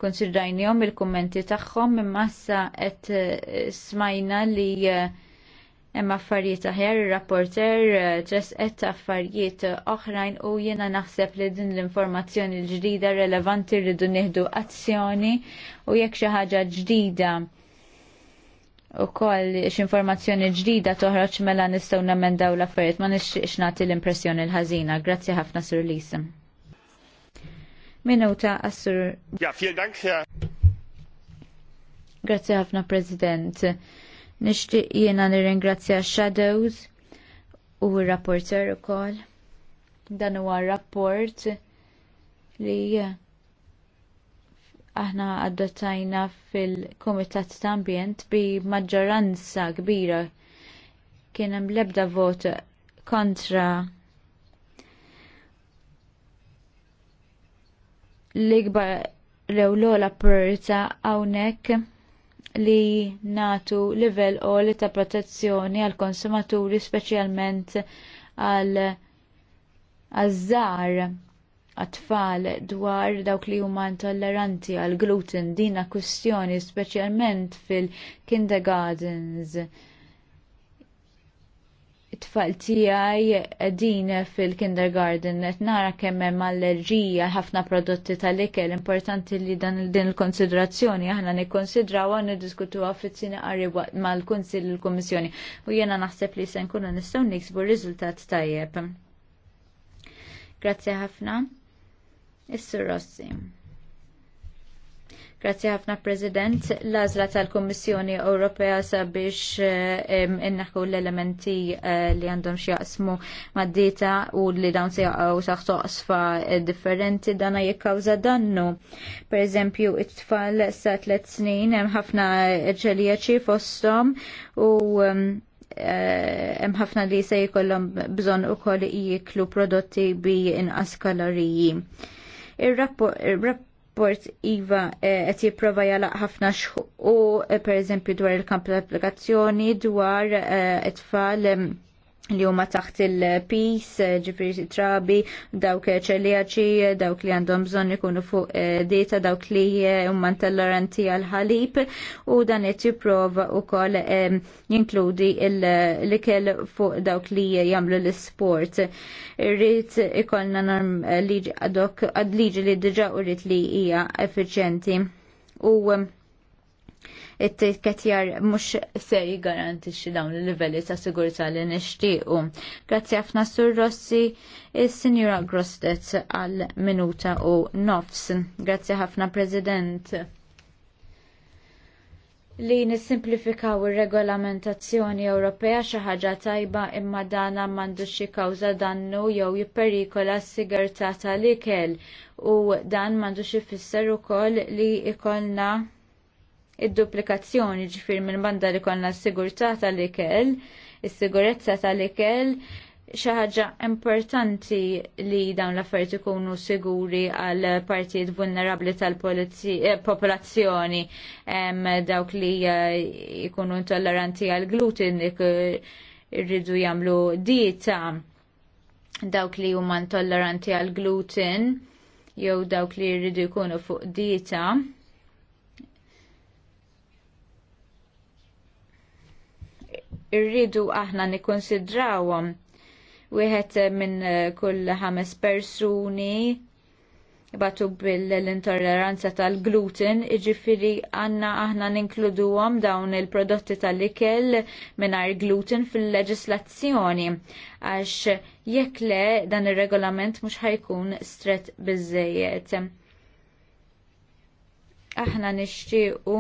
Konsidrajnihom il-kummenti tagħhom imma issa qed eh, smajna li uh, Hemm affarijiet aħjar ir-rapporter eh, etta affarijiet oħrajn u jiena naħseb li din l-informazzjoni l-ġdida relevanti rridu neħdu azzjoni u jekk xi ħaġa ġdida u koll x-informazzjoni ġdida toħroġ mela nistgħu namendaw l-affarijiet ma nixtieqx nagħti l-impressjoni l-ħażina. Grazzi ħafna Sur Lisem. Minuta għas
Ja, vielen Dank.
Grazzi ħafna President Nixtieq jiena nirringrazzja Shadows u r-rapporter ukoll. Dan huwa rapport li aħna adottajna fil-Komitat ta' Ambjent bi maġġoranza kbira kien hemm l-ebda vot kontra l-ikbar rew l-ola purita hawnhekk li natu livell għoli ta' protezzjoni għal konsumaturi speċjalment għal azzar għat-tfal dwar dawk li huma intolleranti għal gluten dina kwistjoni speċjalment fil-kindergartens it-tfal tiegħi din fil-kindergarten qed nara kemm hemm allerġija ħafna prodotti tal-ikel importanti li dan din il-konsiderazzjoni aħna nikkonsidrawha niddiskutuha fit-sini qari mal-Kunsill il-Kummissjoni u jiena naħseb li se nkunu nistgħu niksbu riżultat tajjeb. Grazzi ħafna. Issu Rossi. Grazie ħafna President. L-azla tal-Kommissjoni Ewropea sabiex eh, innaħu l-elementi eh, li għandhom xjaqsmu mad u li dawn se jaqgħu saħtoqsfa qasfa eh, differenti dana jikkawża dannu. Per eżempju, it-tfal sa tliet snin hemm ħafna ċeljaċi fosthom u hemm ħafna li se jkollhom bżonn ukoll jiklu prodotti bi inqas kaloriji. Ir-rapport rapport Iva eh, qed jipprova jalaq ħafna u eh, per eżempju dwar il-kamp tal-applikazzjoni dwar eh, it-tfal li huma taħt il-pis, ġifri trabi, dawk ċeliaċi, dawk li għandhom bżonn ikunu fuq eh, dieta, dawk li eh, huma intolleranti għal ħalib u dan qed jipprova wkoll eh, jinkludi l-ikel fuq dawk li jagħmlu l-isport. Irrid ikollna norm liġi ad liġi li diġà u rrid li hija effiċjenti. U it tiketjar mhux se jiggarantixxi dawn il-livelli ta' sigurtà li nixtiequ. Grazzi ħafna Sur Rossi, is-Sinjura Grostet għal minuta u nofs. Grazzi ħafna President li nisimplifikaw ir-regolamentazzjoni Ewropea xi ħaġa tajba imma dana m'għandux xi kawża dannu jew jipperikola s-sigurtà tal-ikel u dan m'għandux fisser ukoll li ikolna id-duplikazzjoni ġifir minn banda li konna s-sigurtà tal-ikel, s sigurezza tal-ikel, xi ħaġa importanti li dawn l-affarijiet ikunu siguri għal partijiet vulnerabbli tal-popolazzjoni eh, dawk li jkunu eh, intolleranti għal gluten irridu jagħmlu dieta dawk li huma intolleranti għal gluten jew dawk li jridu jkunu fuq dieta irridu aħna nikkonsidrawhom wieħed minn eh, kull ħames persuni batu bil-intolleranza tal-gluten, iġifiri għanna aħna ninkludu għom dawn il-prodotti tal-ikel minar gluten fil-leġislazzjoni, għax jekk le dan il-regolament mux ħajkun stret bizzejiet. Aħna nishtiqu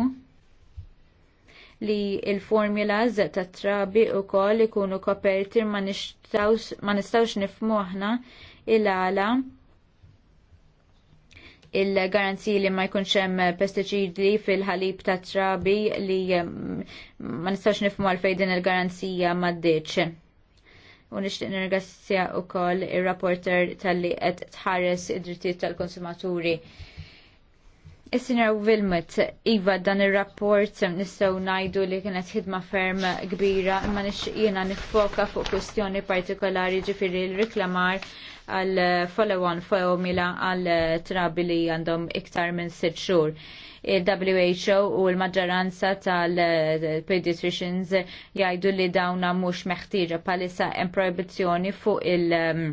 li il-formulas ta' trabi u kol ikunu koperti ma nistawx nifmu aħna il-għala il-garanzi li ma jkunx hemm pestiċidi fil-ħalib ta' trabi li ma nistax nifmu għal fejdin il-garanzija ma' deċ. U nixtieq nirgassja wkoll ir-rapporter tal-li qed tħares id-drittijiet tal-konsumaturi. tal konsumaturi Is-Sinjor Wilmot, Iva dan ir-rapport nistgħu ngħidu li kienet ħidma ferm kbira imma nixqiena nifoka fuq kwestjoni partikolari ġifieri l-riklamar għal follow-on formula għal trabi li għandhom iktar minn sitt xhur. Il-WHO u l-maġġoranza tal-pediatricians jgħidu li dawna mhux meħtieġa palissa hemm proibizzjoni fuq il- um,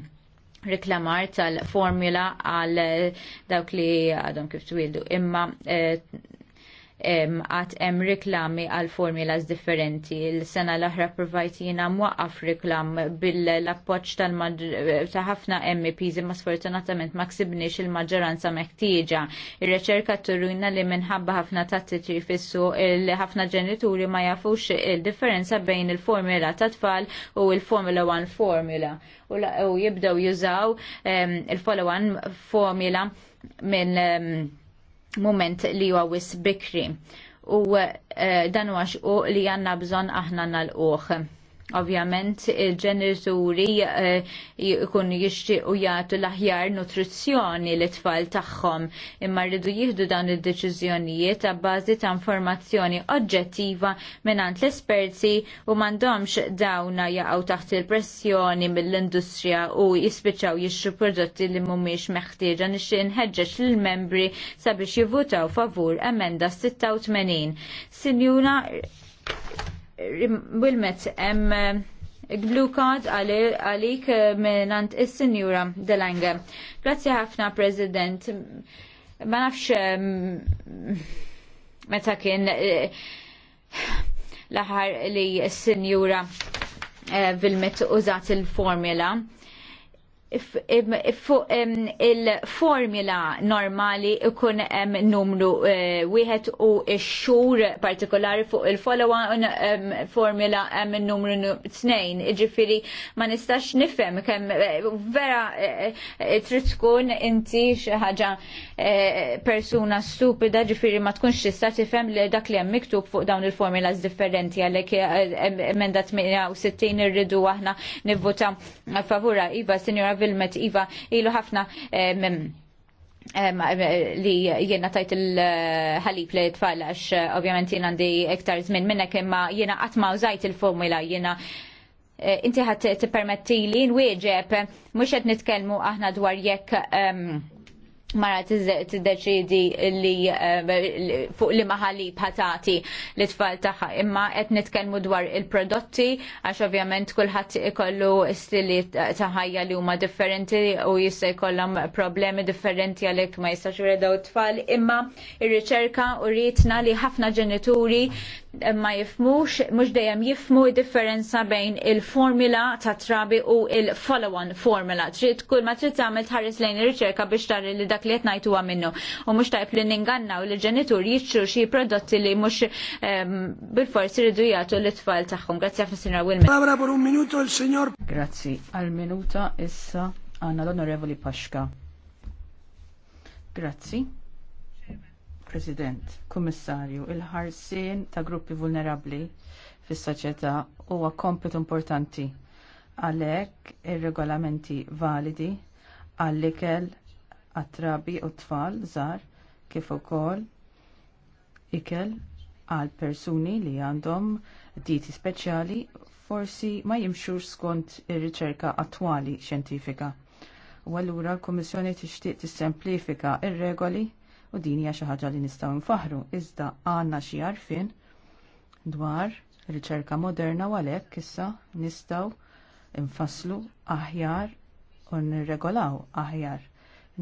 reklamar tal-formula għal dawk li għadhom kif twildu imma eh, għat em reklami għal formulas differenti. Il-sena l-aħra provajt jina mwaqqaf reklam bil-appoċ ta' ħafna MEPs imma sfortunatament ma ksibniex il-maġġoranza meħtieġa. il reċerka turrina li minħabba ħafna tat titri fissu il-ħafna ġenituri ma jafux il-differenza bejn il-formula ta' tfal u il-Formula 1 formula. U jibdew jużaw il-Follow one formula minn moment li huwa wis bikri u uh, dan huwa u li għandna bżonn aħna nal-uħ. Ovvjament il-ġenituri eh, jkun jixtiequ jagħtu l-aħjar nutrizzjoni l tfal tagħhom imma rridu jieħdu dawn id-deċiżjonijiet ta' bażi ta' informazzjoni oġġettiva mingħand l-esperti u m'għandhomx dawna jaqgħu taħt il-pressjoni mill-industrija u jispiċċaw jixtru prodotti li mhumiex meħtieġa nixtieq inħeġġeġ lill-membri sabiex jivvutaw favur emenda 86. Sinjuna Wilmet, em eh, blue card għalik eh, minnant is-senjura Delange. Grazzi ħafna, President. Ma nafx meta kien eh, l-aħar li s-senjura Vilmet użat il-formula fuq il-formula normali ikun hemm numru eh, wieħed u x-xhur partikolari fuq il-follow-on formula hemm numru tnejn. Iġifieri ma nistax nifhem kemm eh, vera eh, trid tkun inti xi ħaġa persuna stupida ġifieri ma tkunx tista' tifhem li dak li hemm miktub fuq dawn il formula differenti għalhekk emenda 68 irridu aħna nivvuta favura iva, Sinjora fil-met Iva ilu ħafna eh, eh, eh, li jiena tajt il-ħalib li tfal għax ovvjament jiena għandi iktar żmien minnek imma jiena għatma użajt il-formula jiena inti ħat t-permetti li nwieġeb mux għed nitkelmu aħna dwar jekk ehm, mara t-deċidi li eh, fuq li maħali patati li tfal taħħa imma qed nitkellmu dwar il-prodotti għax ovvjament kulħadd ikollu stili ta' ħajja li huma differenti u jista' jkollhom problemi differenti għalhekk ma jistax t tfal imma ir-riċerka u rietna li ħafna ġenituri ma jifmux, mux dejjem jifmu differenza bejn il-formula ta' trabi u il-follow-on formula. Trid kull ma trid tagħmel tħares lejn ir-riċerka biex tara li dak li qed ngħidu minnu. U mhux tajb li ninganna u li ġenitur jiċċu xi prodotti li mhux bil-forsi ridu jagħtu l-itfal tagħhom. Grazzi ħafna Sinra Wilmer. Labra un minuto il signor.
Grazzi. Għal minuta issa għandna l-Onorevoli Paxka. Grazzi. President, Kummissarju, il-ħarsien ta' gruppi vulnerabli fis soċjetà huwa kompetu importanti għalhekk ir-regolamenti validi għall-ikel għat-trabi u tfal żgħar kif ukoll ikel għal persuni li għandhom diti speċjali forsi ma jimxux skont ir-riċerka attwali xjentifika. U allura l-Kummissjoni tixtieq tissemplifika ir-regoli u din hija xi ħaġa li nistgħu nfaħru iżda għandna xi għarfien dwar riċerka moderna u għalhekk issa nistgħu nfasslu aħjar u nirregolaw aħjar.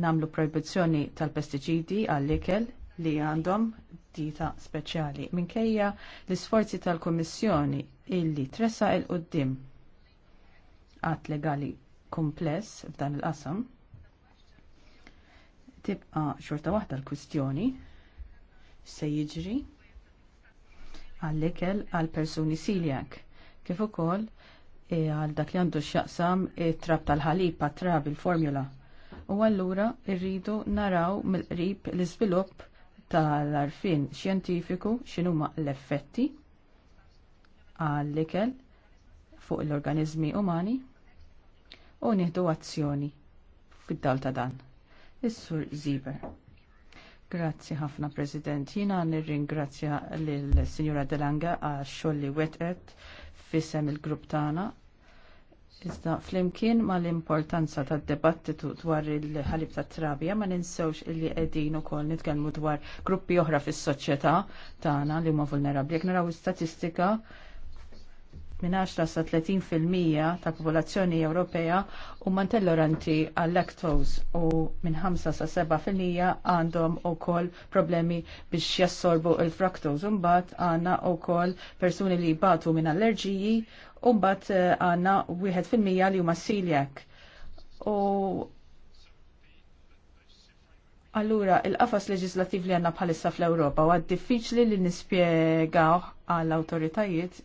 Namlu proibizzjoni tal-pestiċidi għall-ikel li għandhom dita speċjali minkejja l-isforzi tal-Kummissjoni illi tressa il-qoddim għat legali kumpless f'dan il-qasam tibqa xorta waħda l-kwistjoni se jiġri għall-ikel għal persuni siljak kif ukoll e, għal dak li għandu x'jaqsam it-trab tal-ħalib pat-trab il-formula. U allura rridu naraw mill-qrib l-iżvilupp tal-arfin xjentifiku x'inhuma l-effetti għall-ikel fuq l-organizmi umani u nieħdu azzjoni fid-dal ta' dan. Is-Sur Ziber. Grazzi ħafna President. Jina nirringrazzja lill-Sinjura Delanga għax xogħol li wetqet f'isem il-grupp tagħna. Iżda flimkien ma l-importanza tad debattitu dwar il-ħalib tat trabija ma ninsewx illi qegħdin ukoll nitkellmu dwar gruppi oħra fis-soċjetà tagħna li huma vulnerabbli. Jekk naraw statistika minn 10 sa 30% tal-popolazzjoni Ewropea huma mantelloranti għal lactose u minn 5 sa 7% għandhom ukoll problemi biex jassorbu il-fructose. għanna għandna wkoll persuni li batu minn allerġiji u mbagħad eh, għandna 1% li huma celiac. U Allura, il-qafas leġislativ li għanna bħalissa fl-Europa għad diffiċli li nispiegaw għall autoritajiet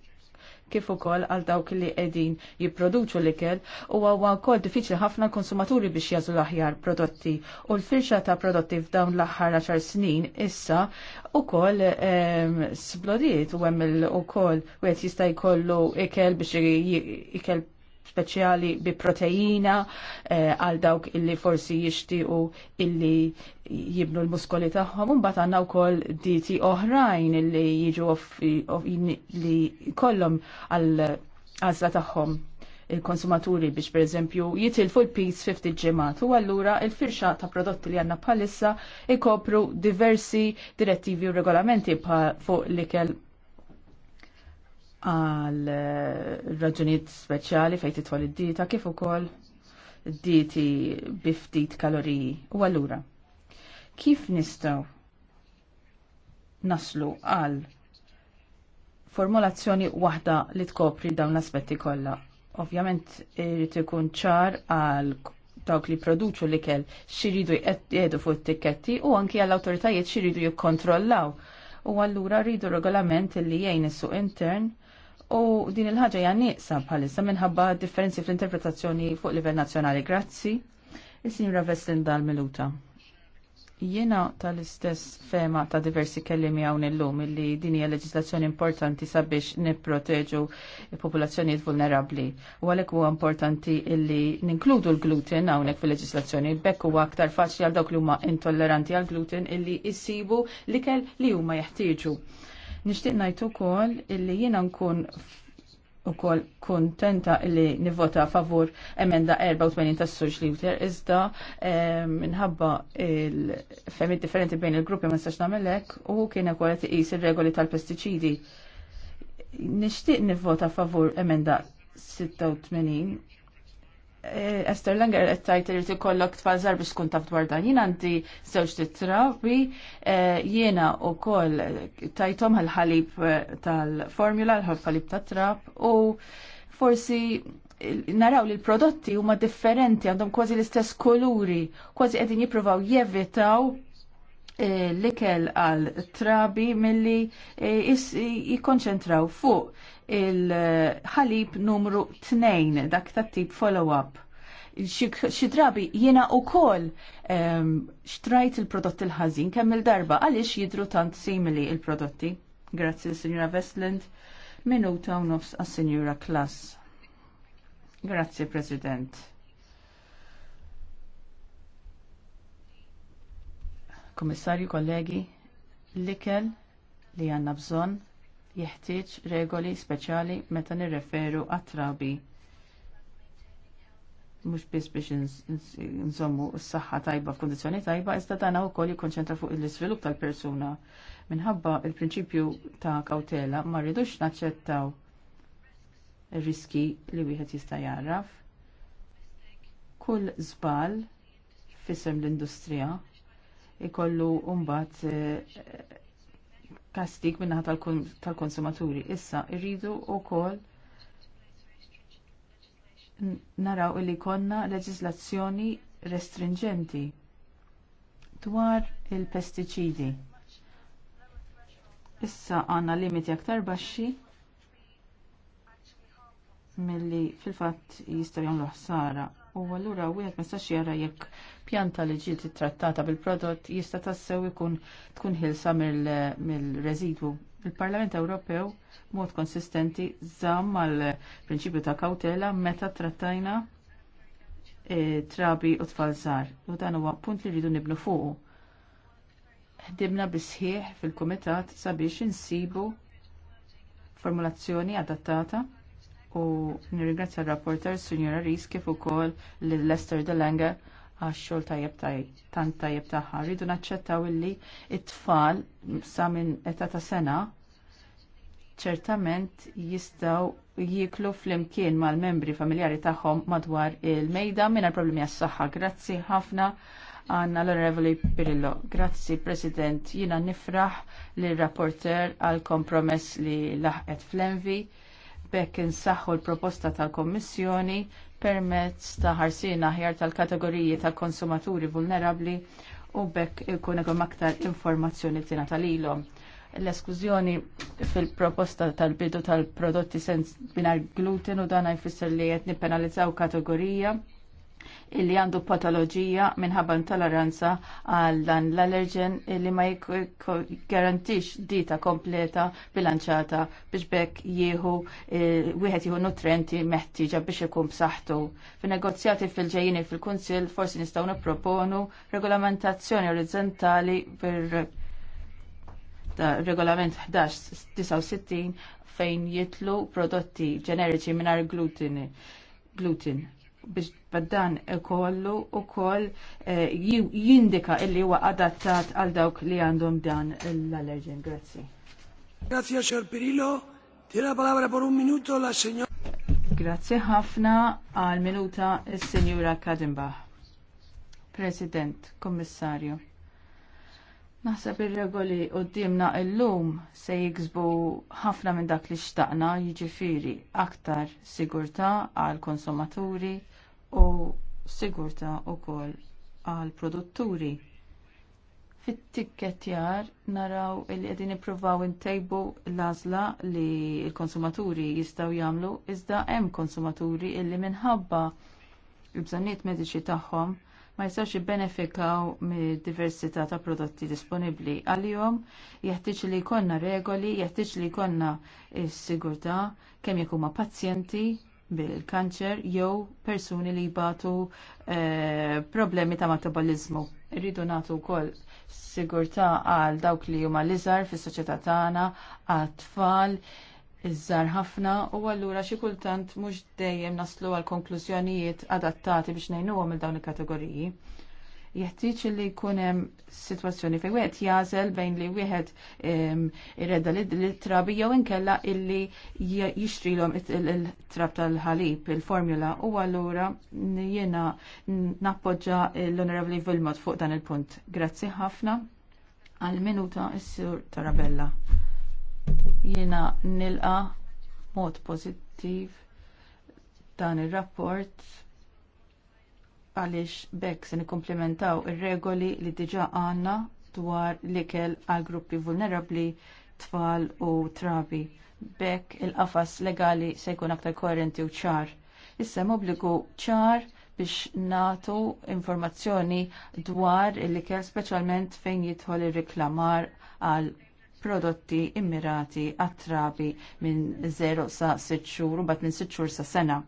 kif ukoll għal dawk li qegħdin jipproduċu l-ikel u huwa wkoll diffiċli ħafna l-konsumaturi biex jażu l-aħjar prodotti u l-firxa ta' prodotti f'dawn l-aħħar 10 snin issa ukoll ehm, splodiet u hemm ukoll wieħed jista' jkollu ikel biex ikel speċjali bi proteina eh, għal dawk illi forsi jixtiequ illi jibnu l-muskoli tagħhom għanna għandna wkoll diti oħrajn illi jiġu li kollhom għal għażla tagħhom il-konsumaturi biex per eżempju jitilfu l piece 50 ġemat u allura il-firxa ta' prodotti li għanna palissa ikopru diversi direttivi u regolamenti fuq l-ikel għal eh, raġunijiet speċjali fejn titwal id-dieta kif ukoll dieti bi ftit kaloriji. U allura, kif nistgħu naslu għal formulazzjoni waħda li tkopri dawn l-aspetti kollha? Ovvjament irid ikun ċar għal dawk li produċu li kell xiridu jgħedu fuq it-tikketti u anki għall awtoritajiet xiridu jikkontrollaw. U allura rridu regolament li jgħin is-suq intern u din il-ħaġa hija nieqsa bħalissa minħabba differenzi fl-interpretazzjoni fuq livell nazzjonali. Grazzi. Il-Sinjura Veslin dal meluta Jiena tal-istess fema ta' diversi kellimi hawn illum illi din hija leġislazzjoni importanti sabiex nipproteġu popolazzjonijiet vulnerabbli. U għalhekk huwa importanti illi ninkludu l-gluten hawnhekk fil-leġislazzjoni bekk huwa aktar faċli għal dawk li huma intolleranti għal gluten illi jsibu l-ikel li huma jeħtieġu Nixtieq ngħid ukoll illi jiena nkun ukoll kuntenta illi nivvota favur emenda 84 tas sur Schlichter iżda eh, minħabba il-femi differenti bejn il-gruppi ma saċna nagħmel hekk u kien kol qed iqis ir-regoli tal-pestiċidi. Nixtieq nivvota favur emenda 86 Eh, Esther Langer qed tajt irid ikollok żar biex tkun taf dwar dan. għandi żewġ titrabi eh, jiena wkoll tajthom ħalib eh, tal-formula, ħalib tat-trab u forsi naraw li l-prodotti huma differenti għandhom kważi l-istess kuluri, kważi qegħdin jippruvaw jevitaw l-ikel għal trabi milli jikkonċentraw fuq il-ħalib numru 2 dak ta' tip follow-up. Xi drabi jiena wkoll ehm, xtrajt il-prodotti l-ħażin kemm il-darba għaliex jidru tant simili il-prodotti. Grazzi signora Westland, minuta u nofs għas Sinjura Klas. Grazzi President. Komissarju, kollegi, l-ikel li għanna bżon jeħtieġ regoli speċjali meta nirreferu għat-trabi. Mhux biss biex nżommu s-saħħa tajba f'kundizzjoni tajba, iżda dan ukoll jikkonċentra fuq l-iżvilupp tal-persuna. Minħabba il-prinċipju ta' kawtela ma rridux naċċettaw riski li wieħed jista' jarraf. Kull żball fisem l-industrija ikollu mbagħad eh, kastik minnaħa tal-konsumaturi. Issa, irridu u kol naraw li konna leġislazzjoni restringenti dwar il-pesticidi. Issa għanna limiti aktar baxxi milli fil-fatt jistajon l ħsara. U allura wieħed ma jistax jara jekk pjanta li ġiet trattata bil-prodott jista' tassew ikun tkun ħilsa mill-residwu. Il-Parlament Ewropew mod konsistenti żamm mal prinċipju ta' kawtela meta trattajna eh, trabi u tfal żgħar u dan huwa punt li rridu nibnu fuqu. Ħdimna bisħieħ fil-kumitat sabiex insibu formulazzjoni adattata u nirringrazzja r-rapporter Sunjora Ries kif ukoll lil Lester Delanga għax-xogħol tajjeb tajjeb tant tajjeb tagħha. Rridu naċċettaw illi it-tfal sa minn età ta' sena ċertament jistgħu jieklu flimkien mal-membri familjari tagħhom madwar il-mejda mingħajr problemi għas-saħħa. Grazzi ħafna għanna l-Onorevoli Pirillo. Grazzi President, jina nifraħ li rapporter għal kompromess li laħqet fl-envi bekk insaħħu l-proposta tal-Kommissjoni permezz ta' ħarsien aħjar tal-kategoriji ta' konsumaturi vulnerabli u bekk ikun ikun aktar informazzjoni tina tal-ilhom. L-eskużjoni fil-proposta tal-bidu tal-prodotti sens binar gluten u dan jfisser li qed nippenalizzaw kategorija illi għandu patoloġija minħabba intolleranza għal dan l-allergen illi ma jgarantix dita kompleta bilanċata biex bekk jieħu eh, wieħed jieħu nutrienti meħtieġa biex ikun b'saħħtu. Fin-negozjati fil-ġejjini fil-Kunsill forsi nistgħu nipproponu regolamentazzjoni orizzontali per regolament 11-69 fejn jitlu prodotti ġeneriċi minar glutini. gluten biex baddan kollu u koll eh, jindika illi huwa adattat għal dawk li għandhom dan l-allergen. Grazzi.
Grazie, Sir Pirillo. Tira palabra por un minuto la signora.
Grazie ħafna għal minuta il-Sinjura Kadenbach. President, Kommissarju. Naħseb ir-regoli qoddimna lum se jiksbu ħafna minn dak li xtaqna jiġifieri aktar sigurtà għall konsumaturi, u sigurtà wkoll għall produtturi. Fit-tikketjar naraw li qegħdin ippruvaw intejbu l-għażla li l-konsumaturi jistgħu jagħmlu iżda hemm konsumaturi illi minħabba l-bżonniet mediċi tagħhom ma jistgħux jibbenefikaw mid-diversità ta' prodotti disponibbli. Għalihom jeħtieġ li jkollna regoli, jeħtieġ li jkollna s-sigurtà kemm jekk huma pazjenti bil-kanċer jew persuni li jibatu eh, problemi ta' metabolizmu. Irridu nagħtu wkoll sigurta għal dawk li huma l-iżar fis-soċjetà tagħna, għat-tfal, iżżar ħafna u allura xi kultant mhux dejjem naslu għal konklużjonijiet adattati biex ngħinuhom il dawn il-kategoriji jeħtieġ li jkun hemm sitwazzjoni fejn wieħed jażel bejn li wieħed irreda l-trabi jew inkella illi jixtrilhom il-trab tal-ħalib, il-formula u allura jiena nappoġġa l-Onorevoli Vilmot fuq dan il-punt. Grazzi ħafna għal minuta s-sur Tarabella. Jiena nilqa mod pożittiv dan ir rapport għaliex bekk se nikkomplementaw ir-regoli li diġà għandna dwar l-ikel għal gruppi vulnerabbli, tfal u trabi. Bekk il-qafas legali se jkun aktar koerenti u ċar. Issa obbligu ċar biex natu informazzjoni dwar l-ikel speċjalment fejn jidħol ir reklamar għal prodotti immirati għat-trabi minn 0 sa 6 xhur u bat minn 6 xhur sa sena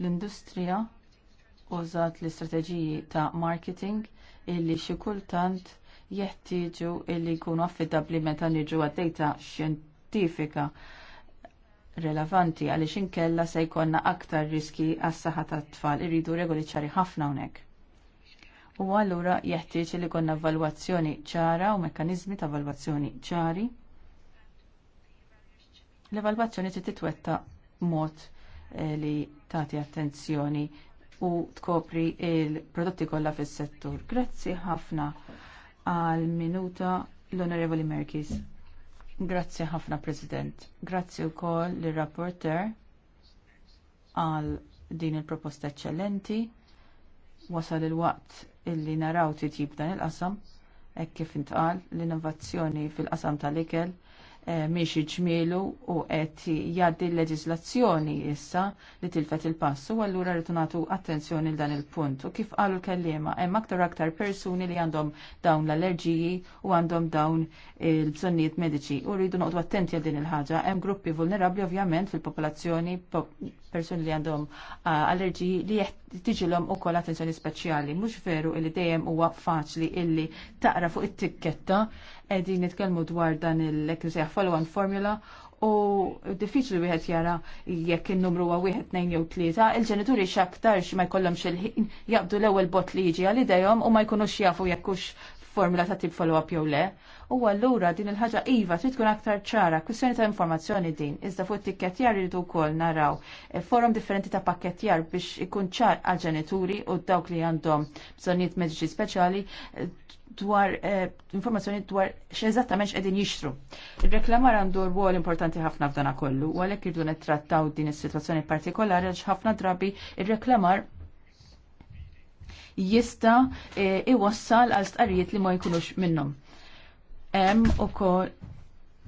L-industrija użat l-istrateġiji ta' marketing illi xi kultant jeħtieġu illi jkunu affidabbli meta niġu għad-data xjentifika relevanti għaliex inkella se jkollna aktar riski għas-saħħa tat-tfal irridu regoli ċari ħafna hawnhekk. U allura jeħtieġ li jkollna valwazzjoni ċara u mekkaniżmi ta' valwazzjoni ċari. L-evalwazzjoni trid titwetta mod Eh, li tagħti attenzjoni u tkopri il-prodotti kollha fis-settur. Grazzi ħafna għal minuta l-Onorevoli Merkis. Grazzi ħafna President. Grazzi wkoll lir-rapporter għal din il-proposta eċċellenti. Wasal il-waqt illi naraw titjib dan il-qasam hekk kif intqal l-innovazzjoni fil-qasam tal-ikel Eh, miex iġmielu u qed jgħaddi l-leġislazzjoni issa li tilfet il-passu allura rridu nagħtu attenzjoni l dan il-punt. U kif qalu l-kellima hemm aktar aktar persuni li għandhom dawn l-allerġiji u għandhom dawn il-bżonnijiet mediċi u rridu noqgħdu attenti għal din il-ħaġa. Hemm gruppi vulnerabbli ovvjament fil-popolazzjoni persuni li għandhom ah, allerġiji li jeħtieġu tiġilhom ukoll attenzjoni speċjali. Mhux veru li dejjem huwa faċli illi taqra fuq it-tikketta qegħdin nitkellmu dwar dan il-hekk sejjaħ follow-on formula u diffiċli wieħed jara jekk in-numru huwa wieħed nejn jew tlieta, il-ġenituri x'aktarx ma jkollhomx il-ħin jaqbdu l-ewwel bot li jiġi għal idejhom u ma jkunux jafu hux formula ta' tip follow-up jew le. U allura din il-ħaġa iva trid tkun aktar ċara, kwistjoni ta' informazzjoni din, iżda fuq it-tikketjar irid ukoll naraw eh, forum differenti ta' pakketjar biex ikun ċar għal ġenituri u dawk li għandhom bżonnijiet mediċi speċjali eh, dwar eh, informazzjoni dwar x'eżattament x'qegħdin jixtru. Ir-reklamar għandu rwol importanti ħafna f'dan kollu, u għalhekk irdu nittrattaw din is-sitwazzjoni partikolari għax ħafna drabi ir-reklamar jista e, iwassal għal stqarrijiet li ma jkunux minnhom. Hemm ukoll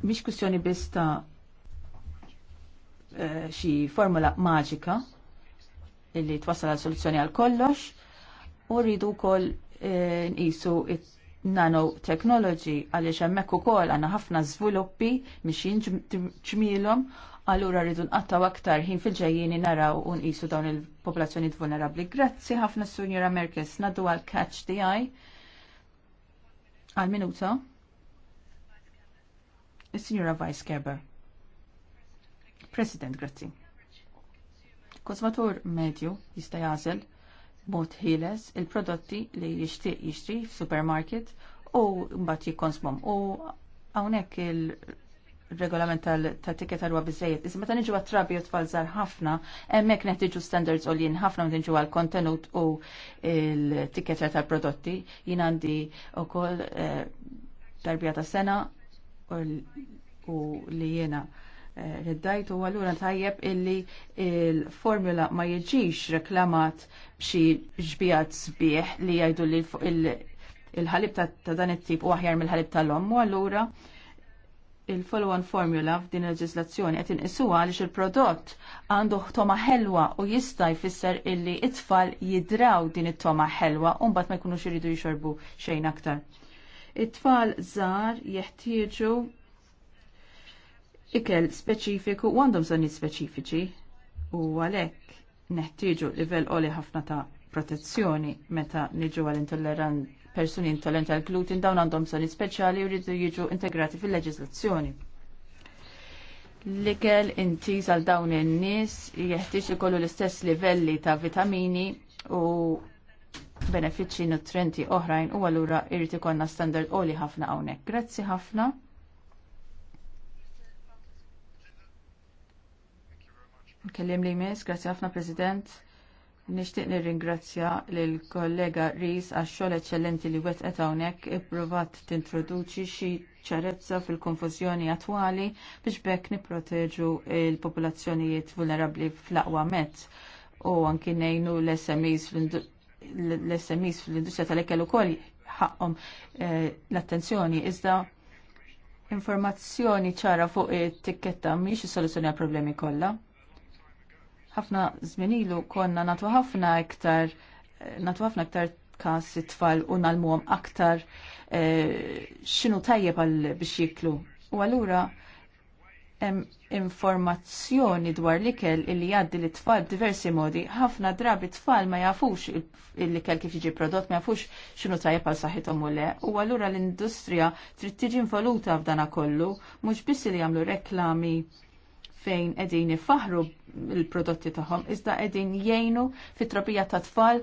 mhix kwistjoni biss ta' e, xi formula maġika illi twassal għal soluzzjoni għal kollox u rridu wkoll e, nqisu technology għaliex hemmhekk ukoll għandna ħafna żviluppi mixin ġmielhom Allura rridu nqattaw aktar ħin fil-ġejjieni naraw u nqisu dawn il-popolazzjoni vulnerabbli. Grazzi ħafna Sunjura Merkes naddu għal catch the eye. Għal minuta. Is-Sinjura Vice Gerber. President, grazzi. Konsumatur medju jista' jażel mod ħieles il-prodotti li jixtieq jixtri f'supermarket u mbagħad jikkonsmom. U hawnhekk il regolament tal-tiket tal bizzejiet. Iżma meta niġu għat-trabi u tfal żar ħafna, hemmhekk neħtiġu standards jien ħafna meta nġu għal-kontenut u l-tiket tal-prodotti. Jien għandi wkoll tarbija eh, ta' sena u li jiena eh, riddajt u għallura tajjeb illi il-formula ma jiġix reklamat b'xi ġbijat sbieħ li jgħidu li il-ħalib ta' dan it-tip u aħjar mill-ħalib tal-om u għallura il-follow-on formula f'din il-leġislazzjoni qed inqisuha għaliex il-prodott għandu toma ħelwa u jista' jfisser illi it-tfal jidraw din it-toma ħelwa u mbagħad ma jkunux iridu jxorbu xejn aktar. It-tfal żgħar jeħtieġu ikel speċifiku u għandhom bżonnijiet speċifiċi u għalhekk neħtieġu livell qoli ħafna ta' protezzjoni meta niġu għall-intolleranza persuni intolenti għal gluten dawn għandhom bżonni speċjali u jridu jiġu integrati fil-leġislazzjoni. L-ikel intiż għal dawn in-nies jeħtieġ ikollu l-istess livelli ta' vitamini u benefiċċji nutrienti oħrajn u allura jrid ikollna standard qoli ħafna hawnhekk. Grazzi ħafna. Kellim li jmiss, grazzi ħafna President. Nixtieq nirringrazzja lill kollega Ries għax xogħol eċċellenti li wettqet hawnhekk ippruvat tintroduċi xi ċarezza fil-konfużjoni attwali biex bekk nipproteġu l popolazzjonijiet vulnerabbli fl-aqwa mezz u anki ngħinu l-SMEs l-SMEs fl-industrija tal-ekel ukoll ħaqhom eh, l-attenzjoni iżda informazzjoni ċara fuq it-tikketta mhix is-soluzzjoni għall problemi kollha ħafna zminilu konna natu ħafna iktar eh, natu ħafna iktar kas it-tfal u nalmuhom aktar xinu eh, x'inhu tajjeb għal biex jiklu. U allura hemm informazzjoni dwar l-ikel illi jgħaddi l-tfal diversi modi. Ħafna drabi tfal ma jafux l-ikel kif jiġi prodott, ma jafux xinu tajjeb għal saħħithom u le. U allura l-industrija trid tiġi involuta f'dana kollu, mhux biss li jagħmlu reklami fejn qegħdin ifaħru il-prodotti tagħhom iżda qegħdin jgħinu fit-trabija ta' tfal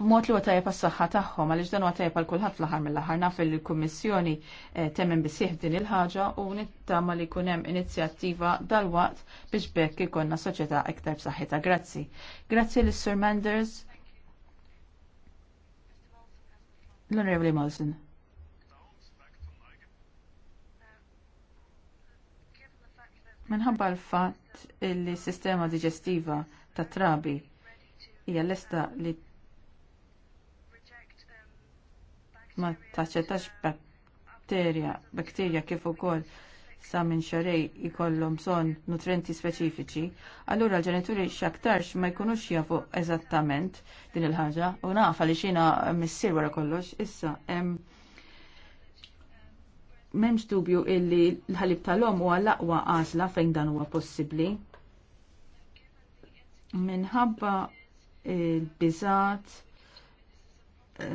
b'mod li huwa tajjeb għas-saħħa tagħhom għaliex dan huwa tajjeb għal kulħadd fl-aħħar mill-aħħar naf il kummissjoni eh, temmen bisih din il-ħaġa u nittama li jkun hemm inizjattiva dalwaqt biex bekk ikonna soċjetà iktar b'saħħitha. Grazzi. Grazzi lis sir Manders. L-Onorevoli Molson. Minħabba l-fatt li s-sistema diġestiva tat trabi hija lesta li ma taċċettax bakterja, bakterja kif ukoll sa minn xarej jkollhom bżonn nutrienti speċifiċi, allura l-ġenituri x'aktarx ma jkunux jafu eżattament din il-ħaġa u nafa li xina missier wara kollox issa hemm M'hemmx dubju illi l-ħalib tal-om huwa l-aqwa għażla fejn dan huwa possibbli. Minħabba il-biżat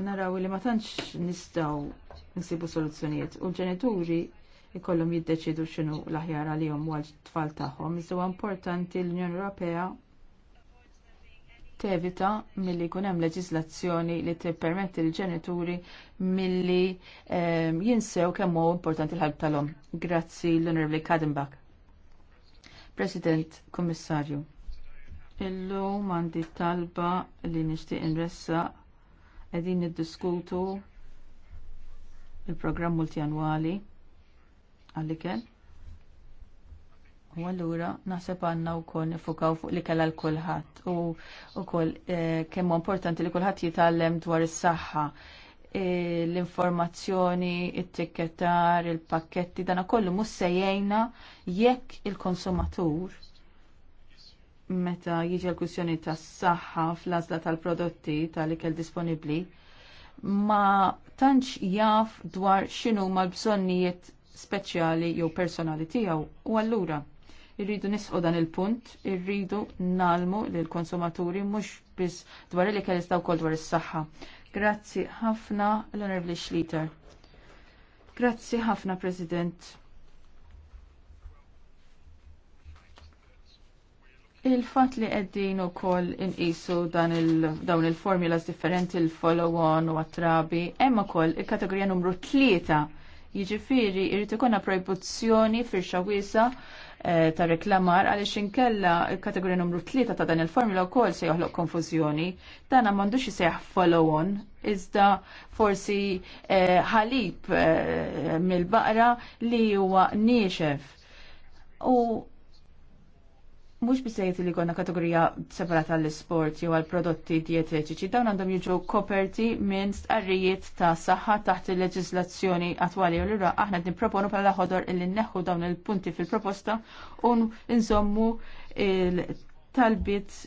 naraw li ma tantx nistgħu nsibu soluzzjonijiet u l-ġenituri ikollhom jiddeċidu x'inhu l-aħjar għalihom u għal tfal tagħhom. Iżda importanti l-Unjoni Ewropea tevita milli jkun hemm leġiżlazzjoni li tippermetti l-ġenituri milli ehm, jinsew kemm huwa importanti l-ħalb tal-om. Grazzi l-Onorevoli Kadenbach. President, Kommissarju. Illum mandi talba li nixtieq inressa qegħdin niddiskutu il-programm multjanwali kell. U għallura naħseb għanna u kol nifukaw fuq li kalla l-kulħat u kol, eh, kemmu importanti li kulħat jitallem dwar is-saħħa eh, l-informazzjoni, it-tikketar, il pakketti dana kollu sejjajna jekk il-konsumatur meta jiġi l ta' tas-saħħa fl-għażla tal-prodotti tal-ikel disponibbli ma tantx jaf dwar xinu ma bżonnijiet speċjali jew personali tiegħu u allura irridu nisqu dan il-punt, irridu nalmu lil konsumaturi mhux biss dwar li kelli staw kol dwar is-saħħa. Grazzi ħafna l-Onorevoli Schlitter. Grazzi ħafna President. Il-fat li għeddin u koll inqisu dawn il-formulas differenti il-follow-on u għattrabi, emma koll il-kategorija numru tlieta jiġifiri irrit ikonna proibuzzjoni fir xawisa Eh, ta' reklamar għaliex inkella kategorija numru 3 ta' dan il-formula wkoll se joħloq konfużjoni. Dan m'għandux iseħħ follow-on iżda forsi eh, ħalib eh, mill-baqra li huwa niexef. U mux bisejt li għonna kategorija separata l-sport jew għal prodotti dietetiċi, dawn għandhom jiġu koperti minn stqarrijiet ta' saħħa taħt il-leġislazzjoni attwali u l ura aħna proponu bħala ħodor illi neħu dawn il-punti fil-proposta u nżommu il-talbit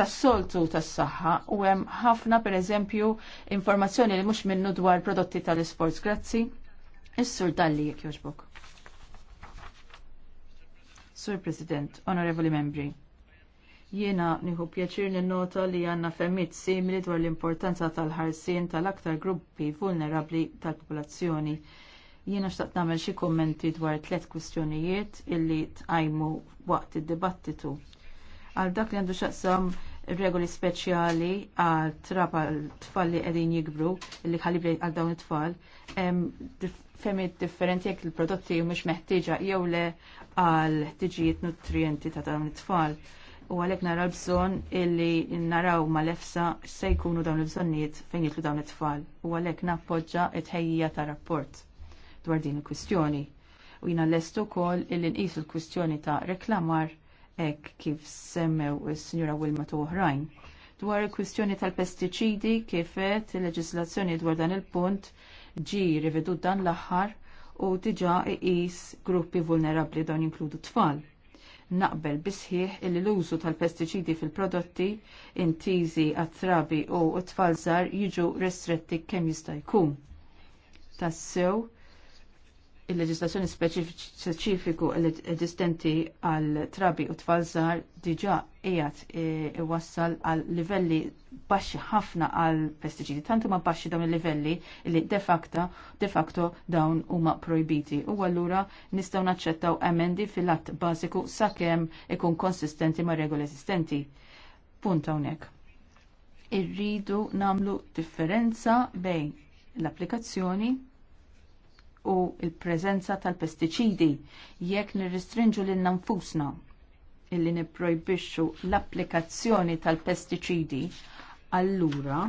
tas soltu tas saħħa u hemm ħafna per eżempju informazzjoni li mhux minnu dwar prodotti tal-isports. Grazzi. Is-sur dalli jekk jogħġbok. Sur President, Onorevoli Membri, jiena nieħu pjaċir ninnota nota li għanna femmit simili dwar l-importanza tal-ħarsien tal-aktar gruppi vulnerabli tal-popolazzjoni. Jiena xtaqt nagħmel xi kummenti dwar tliet kwistjonijiet illi tqajmu waqt id-dibattitu. Għal dak li għandu xaqsam regoli speċjali għal trapa l-tfal li għedin jikbru, illi ħalibri għal dawn it-tfal, femmit differenti jekk il-prodotti mhux meħtieġa jew le għal ħtiġijiet nutrienti ta' dawn it-tfal. U għalhekk nara l-bżonn illi naraw mal-efsa se jkunu dawn il-bżonnijiet fejn jitlu dawn it-tfal. U għalhekk nappoġġa t tħejjija ta' rapport dwar din il-kwistjoni. U jina lest ukoll illi nqisu l-kwistjoni ta' reklamar hekk kif semmew s sinjura Wilma tu uħrajn Dwar il-kwistjoni tal-pestiċidi kifet il-leġislazzjoni dwar dan il-punt ġi rivedud dan l-aħħar u diġa iqis gruppi vulnerabli dawn jinkludu tfal. Naqbel bisħiħ illi l-użu tal-pestiċidi fil-prodotti intiżi għat-trabi u t-tfal żgħar jiġu restretti kemm jista' jkun. Tassew, il-leġislazzjoni speċifiku eżistenti għal trabi u tfal diġa diġà qiegħed e, iwassal għal livelli baxxi ħafna għal pestiċidi. Tant ma baxi dawn il-livelli li de facto de facto dawn huma projbiti. U allura nistgħu naċċettaw emendi fil-att bażiku sakemm ikun konsistenti ma' regoli eżistenti. Punt hawnhekk. Irridu namlu differenza bejn l-applikazzjoni u il prezenza tal-pestiċidi jekk nirristrinġu lil nfusna illi niprojbixxu l-applikazzjoni tal-pestiċidi allura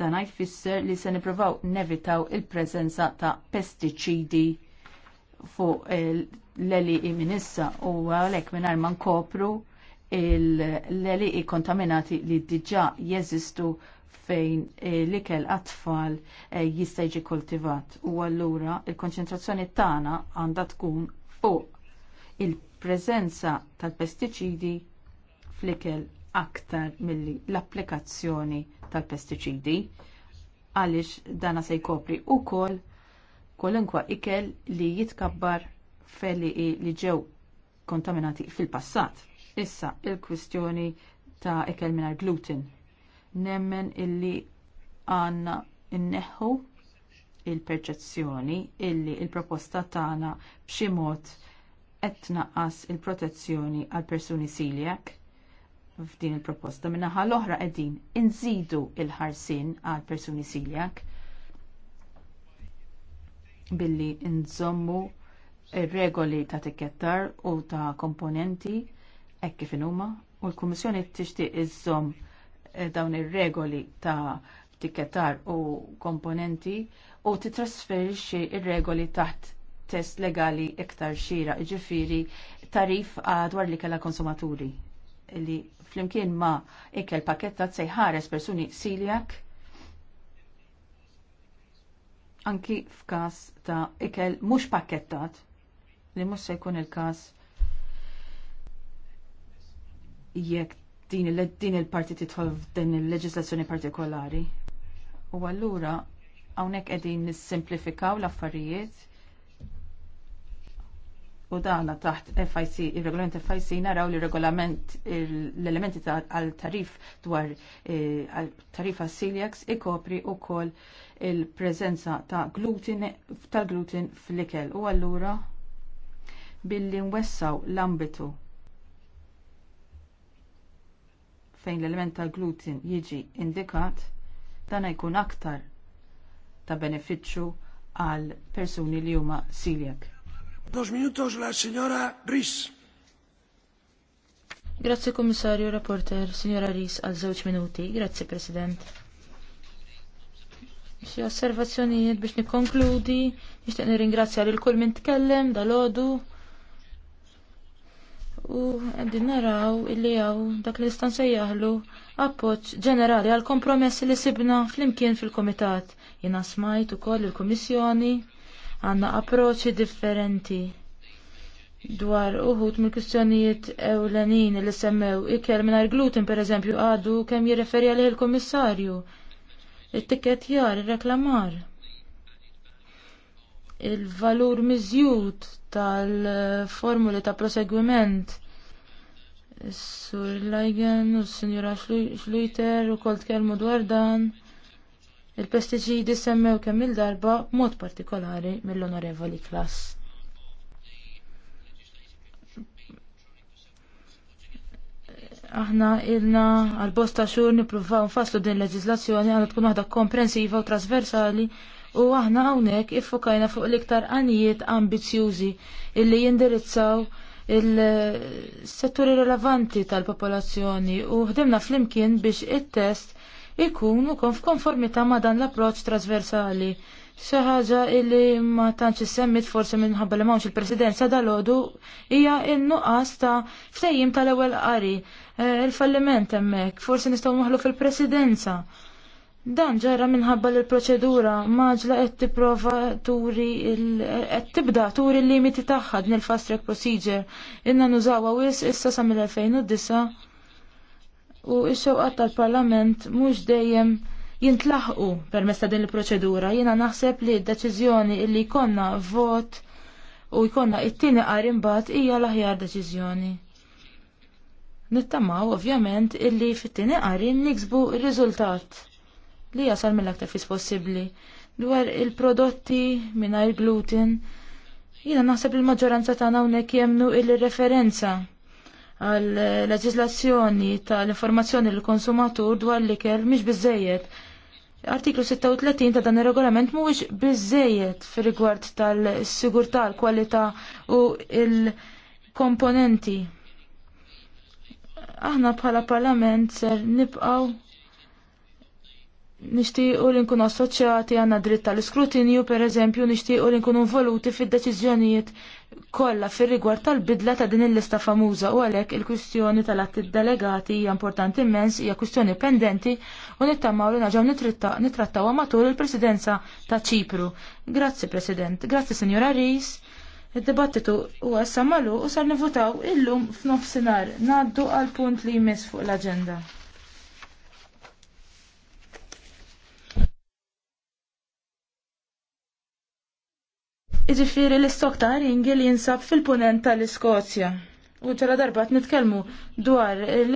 dan jfisser li se nippruvaw nevitaw il-preżenza ta' pestiċidi fuq l-eli minissa u għalhekk mingħajr ma nkopru l-eli kontaminati li diġà jeżistu fejn eh, l-ikel għat-tfal eh, jista' jiġi kultivat. U allura l konċentrazzjoni tagħna għandha tkun fuq il-preżenza tal-pestiċidi fl-ikel aktar milli l-applikazzjoni tal-pestiċidi għaliex dana se jkopri wkoll kolinkwa ikel li jitkabbar feli li ġew kontaminati fil-passat. Issa il-kwistjoni ta' ikel mingħajr gluten nemmen illi għanna inneħħu il-perċezzjoni illi l il proposta tagħna b'xi mod qed tnaqqas il-protezzjoni għal persuni siljek f'din il-proposta min-naħa l-oħra qegħdin inżidu l ħarsien għal persuni siljek. billi nżommu regoli ta' tikettar u ta' komponenti hekk kif huma u l-Kummissjoni tixtieq iżżomm Eh, dawn ir-regoli ta' tikketar u komponenti u titrasferixxi ir-regoli taħt test legali iktar xira, ġifiri tarif dwar li kella konsumaturi li flimkien ma ikkel paketta tsejħares persuni siljak anki f'kas ta' ikel mhux pakkettat li mhux se jkun il-każ jekk din il-parti titħol f'din il-leġislazzjoni partikolari. U allura hawnhekk qegħdin nissimplifikaw l-affarijiet u dana taħt FIC, il-regolament FIC naraw li regolament l-elementi għal-tarif dwar eh, tarif għal-celiax ikopri u kol il-prezenza ta' gluten tal-gluten fl-ikel u allura billi nwessaw l-ambitu fejn l-element tal-gluten jiġi indikat, dan jkun aktar ta' beneficju għal persuni li huma siljak.
Dos minutos la signora Ris.
Grazie Komissarju Rapporter, Signora Ris, għal żewġ minuti. Grazzi President. Xi osservazzjonijiet biex nikkonkludi, nixtieq nirringrazzja lil kull min tkellem dal-għodu u għedin naraw illi għaw dak li jistan sejjaħlu appoċ ġenerali għal kompromessi li sibna flimkien fil-komitat. Jena smajt u koll il-komissjoni għanna approċi differenti dwar uħut mill kustjonijiet ewlenin li semmew ikel minn gluten per eżempju għadu kem jirreferi għalih il-komissarju. Il-tiket jar, il-reklamar il-valur miżjud tal-formuli ta' proseguiment Sur Lajgen u s-Sinjura Schluiter u kol tkellmu dwar dan il pestiġidi semmew kemm il-darba mod partikolari mill-onorevoli klas. Aħna ilna għal-bosta xur nipruvaw nfasslu din leġizlazzjoni għal tkun waħda komprensiva u trasversali u aħna hawnhekk iffokajna fuq l-iktar għanijiet ambizjużi illi jindirizzaw il-setturi rilevanti tal-popolazzjoni u ħdimna flimkien biex it-test ikun ukoll f'konformità ma' dan l-approċċ trasversali. Xi ħaġa li ma tantx issemmit forsi minħabba li m'hawnx il-Presidenza dalodu hija n-nuqqas ta' ftejjim tal-ewwel qari, eh, il-falliment hemmhekk, forsi nistgħu noħlu fil-Presidenza Dan ġara minħabba li l-proċedura maġla qed tipprova turi qed tibda turi l-limiti tagħha din il-fast track procedure. Inna nużawha wis issa sa mill-2009 u x xewqa tal-Parlament mhux dejjem jintlaħqu permezz ta' din il-proċedura. Jiena naħseb li d-deċiżjoni li jkollna vot u jkollna it-tieni qar imbagħad hija l-aħjar deċiżjoni. Nittamaw ovvjament illi fit-tieni qari niksbu r-riżultat li jasal mill-aktar fis possibbli dwar il-prodotti mingħajr gluten. Jiena naħseb il-maġġoranza tagħna hawnhekk jemnu il-referenza għal leġislazzjoni tal-informazzjoni l konsumatur dwar l-ikel mhix biżżejjed. Artiklu 36 ta' dan ir-regolament mhuwiex biżejjed fir-rigward tal-sigurtà, l-kwalità u il-komponenti. Aħna bħala parlament ser nibqgħu nixtiequ li nkunu assoċjati għandna dritt tal-iskrutinju, pereżempju nixtiequ li nkunu involuti fid-deċiżjonijiet kollha fir-rigward tal-bidla ta' din il-lista famuża u għalhekk il-kwistjoni tal-atti delegati hija importanti immens, hija kwistjoni pendenti u nittamaw li naġgħu nitrattaw matul il-Presidenza ta' Ċipru. Grazzi President, grazzi Sinjora Ris. Id-dibattitu huwa issa u sar nivutaw illum f'nofsinhar ngħaddu għal punt li jmiss fuq l-aġenda. Iġifiri l-istok ta' ringi li jinsab fil-punent tal-Iskozja. U ċala darbat nitkelmu dwar